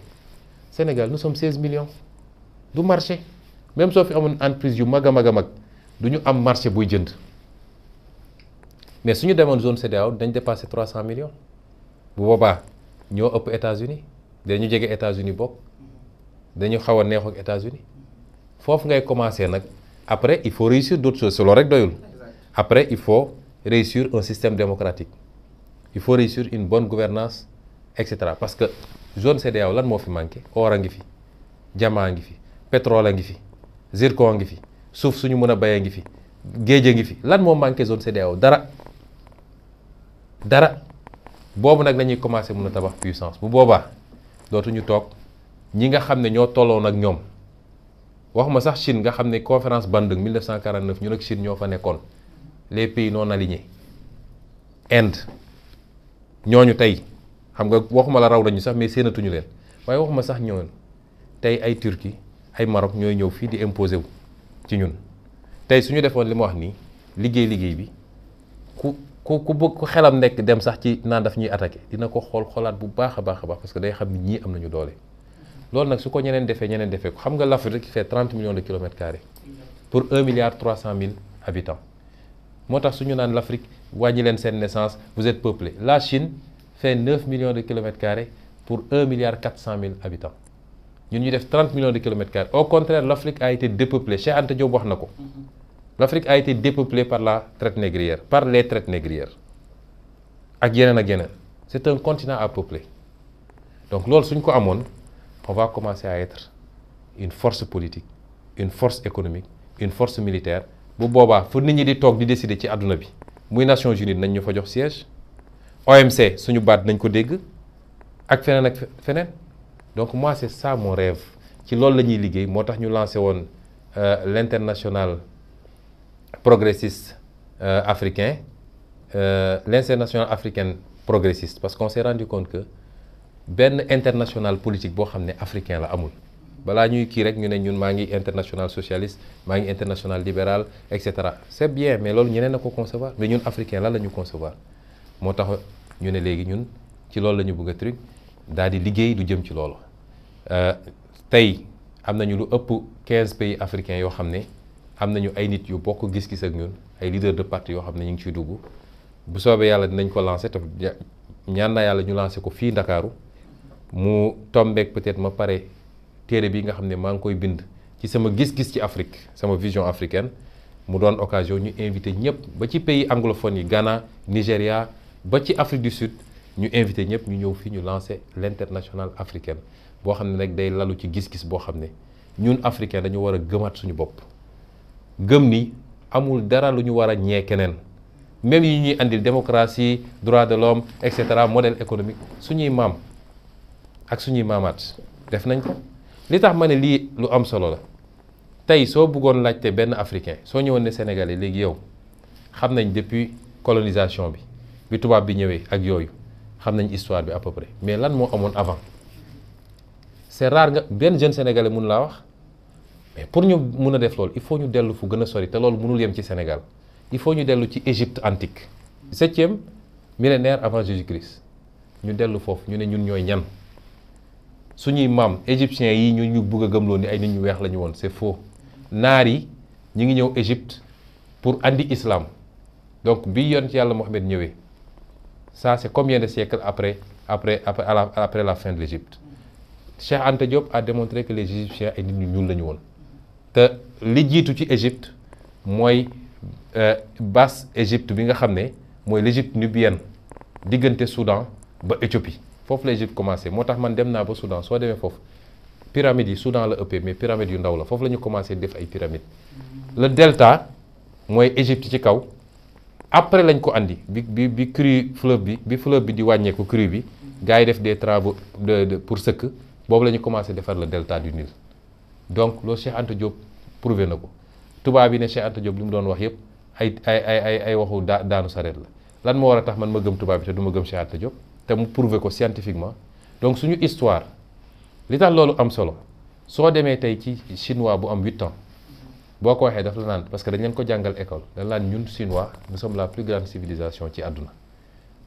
Sénégal, nous sommes 16 millions. Nous marché. Même si on a une entreprise qui est très mag. nous avons un marché Mais si nous avons une zone CDAO, nous avons dépassé 300 millions. Vous voyez sommes aux États-Unis dañu jege États-Unis bokk dañu xaw a États-Unis Il ngay commencer après il faut réussir d'autres choses solo rek doyul après il faut réussir un système démocratique il faut réussir une bonne gouvernance etc. parce que zone CEDEAO lan moo fi manqué or a ngi fi jamaa ngi fi pétrole a ngi fi zircon a ngi fi suuf suñu mën a ngi fi a ngi fi zone cdao dara dara boobu nag lañuy commencé mun a tabax puissance bu boobaa ñu toog ñi nga xam ne ñoo tolloon ak ñoom waxuma sax Chine nga xam ne conférence Bandung 1949 ñun ak Chine ñoo fa nekkoon les pays non alignés Inde ñooñu tey xam nga waxuma la raw nañu sax mais séenatuñu leen waaye waxuma sax ñooñu tey ay Turquie ay Maroc ñooy ñëw fii di imposer wu ci ñun tey suñu defoon li ma wax nii liggéey liggéey bi. ku ku bëgg ku xelam nekk dem sax ci naan daf ñuy attaqué dina ko xool xoolaat bu baax a baax a baax parce que day xam ni ñii am nañu doole loolu nag su ko ñeneen defee ñeneen defee ko xam nga l'Afrique fait 30 millions de kilomètres carrés pour 1 milliard 300 mille habitants moo tax su naan l'Afrique wàññi leen seen naissance vous êtes peuplé la Chine fait 9 millions de kilomètres carrés pour 1 milliard 400 mille habitants ñun ñu def 30 millions de kilomètres carrés au contraire l'Afrique a été dépeuplée Cheikh Anta Diop wax na ko. L'Afrique a été dépeuplée par la traite négrière, par les traites négrières. Ak yeneen ak C'est un continent à peupler. Donc loolu suñ ko amoon on va commencer à être une force politique, une force économique, une force militaire. Bu faut fu nit ñi di toog di décider ci àdduna bi Nations Unies nañ ñu fa siège OMC suñu baat nañ ko dégg ak donc moi c'est ça mon rêve ci loolu la ñuy liggéey moo tax ñu lancé euh, l'international progressiste euh, euh, africain, l'international africaine progressiste, parce qu'on s'est rendu compte que ben international politique bo africain la amul bala ñuy ki rek ñu international socialiste international libéral etc. c'est bien mais ñeneen ko concevoir mais ñun africain la lañu concevoir motax ñu ñun ci du jëm ci euh tay amna ñu lu 15 pays africains yo xamné am nañu ay nit yu bokk gis-gis ak ñun ay leader de parti yoo xam ne ñu ngi ciy dugg bu soobee yàlla dinañ ko lancé te ñaan naa yàlla ñu lancé ko fii Ndakaaru mu tombeek peut-être ma pare téere bi nga xam ne maa ngi koy bind ci sama gis-gis ci Afrique sama vision africaine mu doon occasion ñu invité ñëpp ba ci pays anglophone yi Ghana Nigéria ba ci Afrique du Sud ñu invité ñëpp ñu ñëw fii ñu lancer linternational africaine boo xam ne nag day lalu ci gis-gis boo xam ne ñun africain dañu war a gëmaat suñu bopp gëm ni amul dara lu ñu war a ñee keneen même yi ñuy andil démocratie droit de l'homme et cetera modèle économique suñuy maam ak suñuy maamaat def nañ ko li tax ma ne lii lu am solo la tey soo bëggoon laajte benn africain soo ñëwoon ne sénégalais léegi yow xam nañ depuis colonisation bi bi tubaab bi ñëwee ak yooyu xam nañ histoire bi à peu près mais lan moo amoon avant c'est rare nga benn jeune sénégalais mun laa wax. mais pour ñu mun a def loolu il faut ñu dellu fu gën a sori te loolu mënul yem ci Sénégal il faut ñu dellu ci Égypte antique septième millénaire avant Jésus-Christ ñu dellu foofu ñu ne ñun ñooy ñan suñuy maam égyptien yi ñu ñu bëgg a gëmloo ni ay nit ñu weex la ñu woon c'est faux naar yi ñu ngi ñëw Égypte pour andi islam donc bi yoon ci yàlla Mohamed ñëwee ça c'est combien de siècles après après après la après la fin de l'Égypte Cheikh Anta Diop a démontré que les Égyptiens ay nit ñu ñuul la ñu woon te li jiitu ci Égypte mooy euh, basse Égypte bi nga xam ne mooy l'Égypte nubienne diggante Soudan ba Éthiopie foofu la Égypte commencé moo tax man dem naa ba Soudan soo demee foofu pyramide yi Soudan la ëppee mais pyramide yu ndaw la foofu la ñu commencé def ay pyramides le delta mooy Égypte ci kaw après lañ ko andi bi bi bi crue fleuve bi bi fleuve bi di wàññeeku crue bi gars yi def des travaux de pour sëkk boobu la ñu commencé defar le delta du Nil donc loolu Cheikh Anta Diop prouvé na ko tubaab yi ne Cheikh Anta Diop li mu doon wax yëpp ay ay ay ay waxu daa daanu sareet la lan moo war a tax man ma gëm tubaab bi te du ma gëm Cheikh Anta Diop te mu prouvé ko scientifiquement donc suñu histoire li tax loolu am solo soo demee tey ci chinois bu am 8 ans boo ko waxee daf la naan parce que dañ leen ko jàngal école dañ laan ñun chinois nous sommes la plus grande civilisation ci àdduna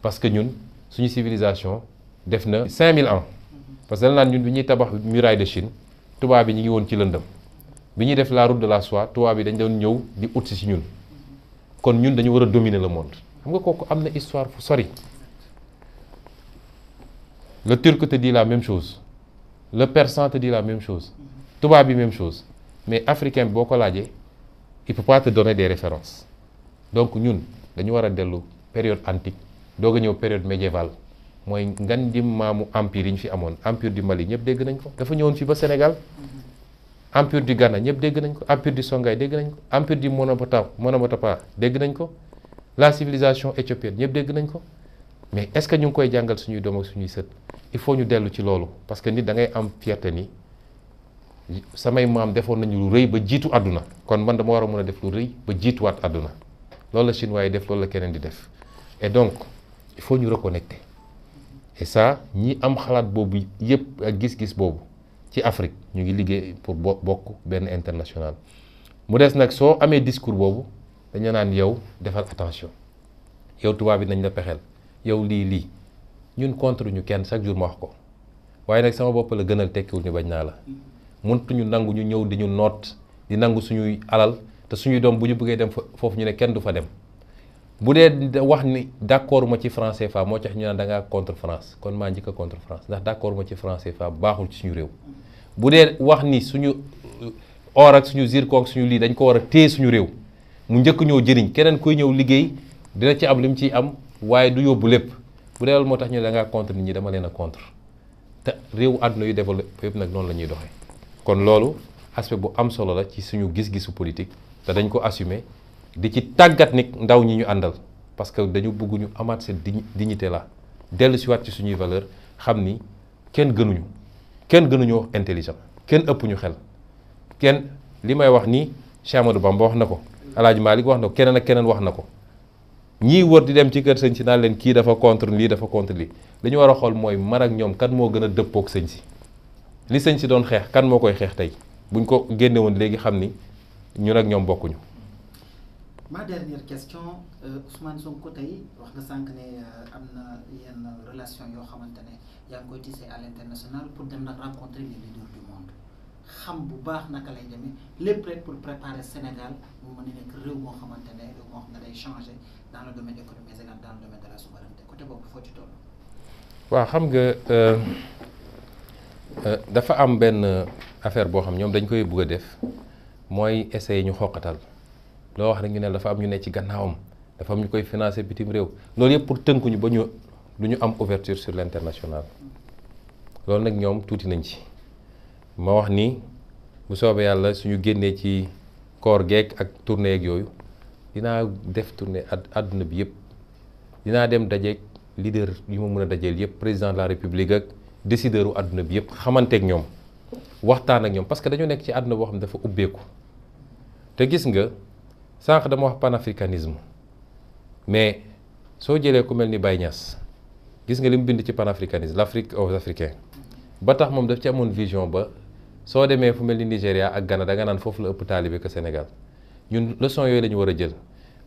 parce que ñun suñu civilisation def na ans parce que dañ laan ñun bi ñuy tabax muraille de Chine tu bi ñi ngi won ci lëndëm bi ñi def la route de la soie tubaab bi dañ doon ñew di ut ci ñun kon ñun dañu wara dominer le monde xam nga amener amna histoire fu sori le turc te dit la même chose le persan te dit la même chose tubaab bi même chose mais africain boko ko il peut pas te donner des références donc ñun dañu wara de dellu période antique doga ñew période médiévale moy ngan di empire yi fi amone empire du Mali ñep dégg nañ ko dafa ñëwoon fii ba Sénégal empire du Ghana ñep dégg nañ ko empire du Songhai dégg nañ ko empire du Monomotapa Monomotapa dégg nañ ko la civilisation éthiopienne ñep dégg nañ ko mais est-ce que ñu koy jangal suñu dom ak suñu seut il faut ñu dellu ci loolu parce que nit da ngay am fierté ni samay maam defoon nañu lu reuy ba jitu aduna kon man dama wara mëna mën def lu reuy ba jitu wat aduna loolu la chinois yi def loolu la keneen di def et donc il faut ñu reconnecter et ñi am xalaat boobu yëpp ak gis-gis boobu ci Afrique ñu ngi liggéey pour bo bokk benn international mu des nag soo amee discours boobu dañu naan yow defal attention yow tubaab bi nañ la pexeel yow lii lii ñun contre ñu kenn chaque jour ma wax ko waaye nag sama bopp la gënal tekkiwul ñu bañ naa la mëntuñu nangu ñu ñëw di ñu noot di nangu suñuy alal te suñuy doom bu ñu bëggee dem foofu ñu ne kenn du fa dem bu dee wax ni d' accord ma ci franc CFA moo tax ñu naan da ngaa contre France kon maa njëkk a contre France ndax d' accord ma ci franc CFA baaxul ci suñu réew bu dee wax ni suñu or ak suñu zircon ak suñu lii dañ ko war a téye suñu réew mu njëkk ñëw jëriñ keneen kuy ñëw liggéey dina ci am li mu ciy am waaye du yóbbu lépp bu dee loolu moo tax ñu ne da ngaa contre nit ñi dama leen a contre te réewu àdduna yu développé yëpp nag noonu la ñuy doxee kon loolu aspect bu am solo la ci suñu gis-gisu politique te dañ ko assumer. di ci tàggat nit ndaw ñi ñu àndal parce que dañu bëgg ñu amaat seen dignité la dellu siwaat ci suñuy valeur xam ni kenn gënuñu kenn gënuñoo intelligent kenn ëpp ñu xel kenn li may wax nii Cheikh Amadou Bamba wax na ko El Hadj Malick wax na ko keneen ak keneen wax na ko ñii wër di dem ci kër sëñ si naan leen kii dafa contre lii dafa contre lii li war a xool mooy mar ak ñoom kan moo gën a dëppook sëñ si li sëñ si doon xeex kan moo koy xeex tey buñ ko génnewoon léegi xam ni ñun ak ñoom bokkuñu. ma dernière question euh, Ousmane Sonko tey wax nga sànq ne euh, am na yenn relation yoo xamante ne yaa tissé à l'international pour dem nag rencontrer les leaders du monde xam bu baax naka lay demee lépp rek pour préparer Sénégal mu mën a nekk réew moo xamante ne réew day changé dans le domaine économique et dans le domaine de la souveraineté côté boobu foo ci toll. waaw xam nga euh, dafa am benn affaire boo xam ñoom dañ koy bëgg a def mooy essayer ñu xoqatal. loo wax rek ñu ne dafa am ñu ne ci gannaawam dafa am ñu koy financé bitim réew loolu yëpp pour tënkuñu ba ñu lu ñu am ouverture sur l' loolu nag ñoom tuuti nañ ci ma wax ni bu soobee yàlla suñu génnee ci koor geek ak tournée yeeg yooyu dinaa def tournée àdduna bi yëpp dinaa dem dajeeg leader yi ma mën a dajeel yëpp président de la république ak décideur àdduna bi yëpp xamanteeg ñoom waxtaan ak ñoom parce que dañu nekk ci àdduna boo xam ne dafa ubbeeku te gis nga. sànq dama wax panafricanisme mais soo jëlee ku mel ni gis nga li mu bind ci panafricanisme l'Afrique aux Africains ba tax moom daf ci vision ba fu Ghana da nga naan foofu la ëpp que Sénégal ñun leçon yooyu la ñu war jël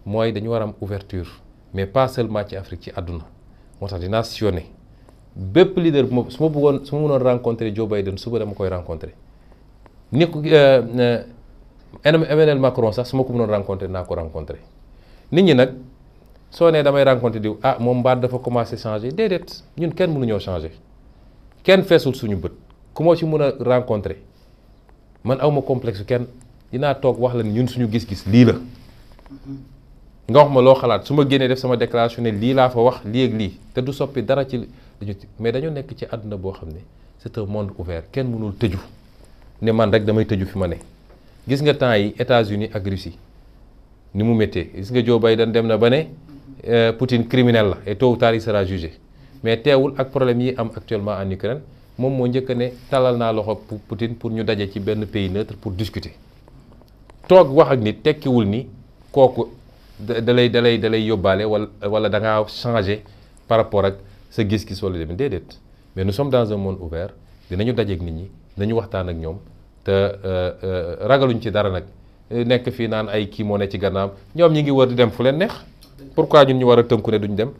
mooy dañu war ouverture mais pas seulement ci Afrique ci àdduna moo tax dinaa Nous bépp leader bu Joe Biden suba Emmanuel Macron sax su ma ko mënoon rencontré naa ko rencontré nit ñi nag soo nee damay rencontré diw ah moom mbaat dafa commencé changé déedéet ñun kenn ñoo changé kenn feesul suñu bët ku moo ci mën a rencontré man awma complexe kenn dinaa toog wax la ni ñun suñu gis-gis lii la nga wax ma loo xalaat su ma génnee def sama déclaration ne lii laa fa wax li ak lii te du soppi dara ci dañu mais dañoo nekk ci àdduna boo xam ne c'est un monde ouvert kenn mënul tëju ne man rek damay tëju fi ma ne gis nga temps yi États-Unis ak Russie ni mu gis nga Joe Biden dem na euh, criminel et tôt ou tard sera jugé mais teewul ak problème yi am actuellement en Ukraine moom moo njëkk talal naa loxo Poutine pour ñu daje ci pays neutre pour discuter toog wax ak ni kooku wala changé par rapport à ce gis-gis wala mais nous sommes dans un monde ouvert dinañu daje ak nit ñi dinañu waxtaan te euh, euh, ragaluñ ci dara ay ne ci pourquoi ñun ñu ne duñ dem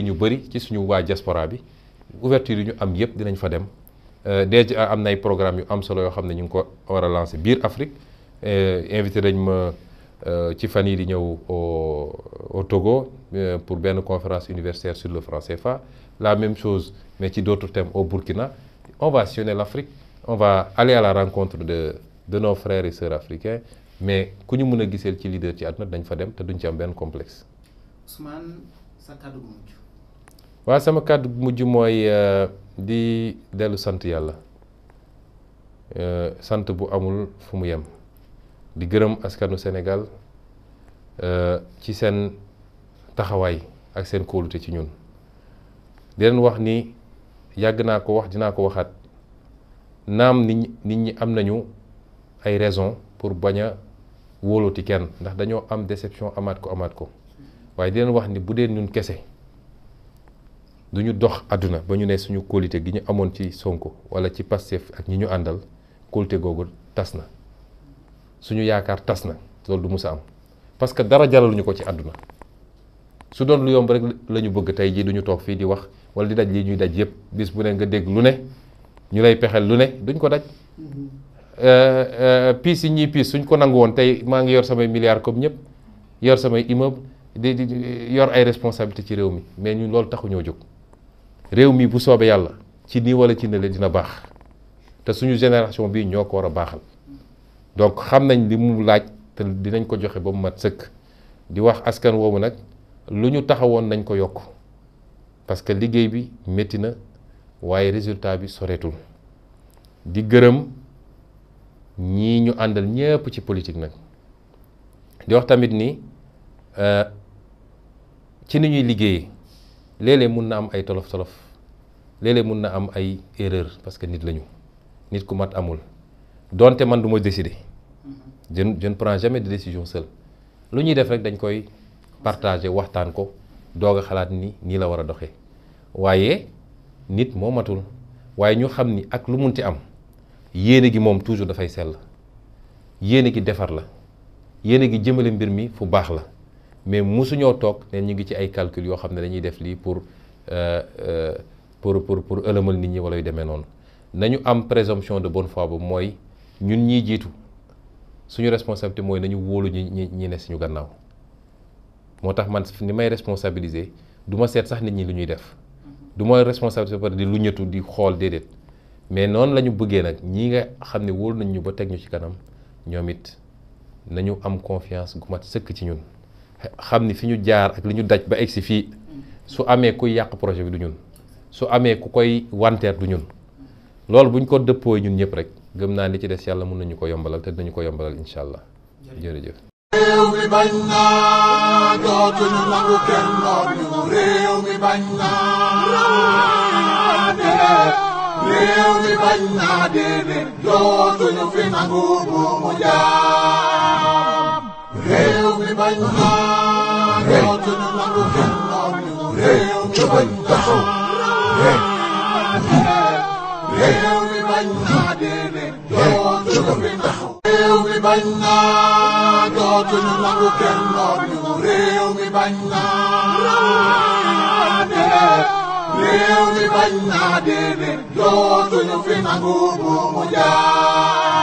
ñu diaspora bi ouverture ñu am dinañ fa dem euh, programme yu am solo ñu invité au Togo pour une conférence universitaire sur le franc CFA la même chose mais d'autres thèmes au Burkina on va sillonner l'Afrique on va aller à la rencontre de nos frères et sœurs africains mais si on mën ci leader ci dañ fa duñ ci am complexe. Ousmane sa sama cadre euh, di sante Yalla. Euh bu amul fu yem di askanu Sénégal euh, ci sen taxaway ak ci ñun di len wax ni ko wax ko naam nit nit am nañu ay raison pour baña a wóoloti kenn ndax dañoo am déception amaat ko amaat ko waaye di leen wax ni bu dee ñun kese duñu dox aduna ba ñu ne suñu qualité gi ñu amoon ci Sonko wala ci Pastef ak ñi ñu àndal qualité googu tasna na suñu yaakaar tas na loolu du musa am parce que dara jaraluñu ko ci aduna su doon lu yomb rek lañu bëgg tay ji duñu toog fii di wax wala di daj lii ñuy daj yëpp bis bu ne nga dégg lu ne ñu lay pexel lu ne duñ ko daj mm-hmm. euh, euh, piis yi ñuy piis suñ ko nangu woon tey maa ngi yor samay milliards comme ñëpp yor samay immeuble di di yor ay responsabilité ci réew mi mais ñun loolu taxuñoo jóg réew mi bu soobee yàlla ci nii wala ci nele dina baax te suñu génération bii ñoo ko war a baaxal donc xam nañ li mu laaj te dinañ ko joxe ba mu mat sëkk di wax askan woowu nag lu ñu taxawoon nañ ko yokk parce que liggéey bi métti na waaye résultat bi soreetul di gërëm ñii ñu àndal ñëpp ci politique nag di wax tamit ni euh, ci ni ñuy liggéeye léeg mun na am ay tolof tolof léeg mun na am ay erreur parce que nit lañu nit ku mat amul donte man duma ma décider je mm-hmm. je ne de décision seul lu ñuy def rek dañ koy partager waxtaan ko doog xalaat ni nii la war a doxee waaye. nit moo matul waaye ñu xam ni ak lu munti am yéene gi moom toujours dafay sell yéene gi defar la yéene gi jëmale mbir mi fu baax la mais mosuñoo toog ne ñu ngi ci ay calcul yoo xam ne dañuy def lii pour euh, euh, pour pour pour ëlëmal nit ñi wala yu demee noonu nañu am présomption de bonne foi bu mooy ñun ñiy jiitu suñu responsabilité mooy nañu wóolu ñi ñi ñi ne suñu gannaaw moo tax man ni may responsabiliser du ma seet sax nit ñi lu ñuy def. du mooy responsabilité par di lu ñëtu di xool déedéet mais noonu la ñu bëggee nag ñi nga xam ne wóolu nañ ñu ba teg ñu ci kanam ñoom it nañu am confiance gu mat sëkk ci ñun xam ni fi ñu jaar ak li ñu daj ba si fii su amee ku yàq projet bi du ñun su amee ku koy wanteer du ñun loolu bu ñu ko dëppoo ñun ñëpp rek gëm naa ni ci des yàlla mun nañu ko yombalal te dinañu ko yombalal incha allah jërëjëf Rêu mi bánh na, do tu nu na ken lo nu. Rêu mi bánh na, de. Rêu mi bánh na de de, do tu nu fi na bu bu mo ja. mi bánh na, do tu nu na ken lo nu. Rêu mi bánh na, de. Rêu mi bánh na de. banna dootuñu nangu kenn noonu réew mi bañ naa déedéet réew mi bañ naa déedéet dootuñu fi nangu bu mu jaar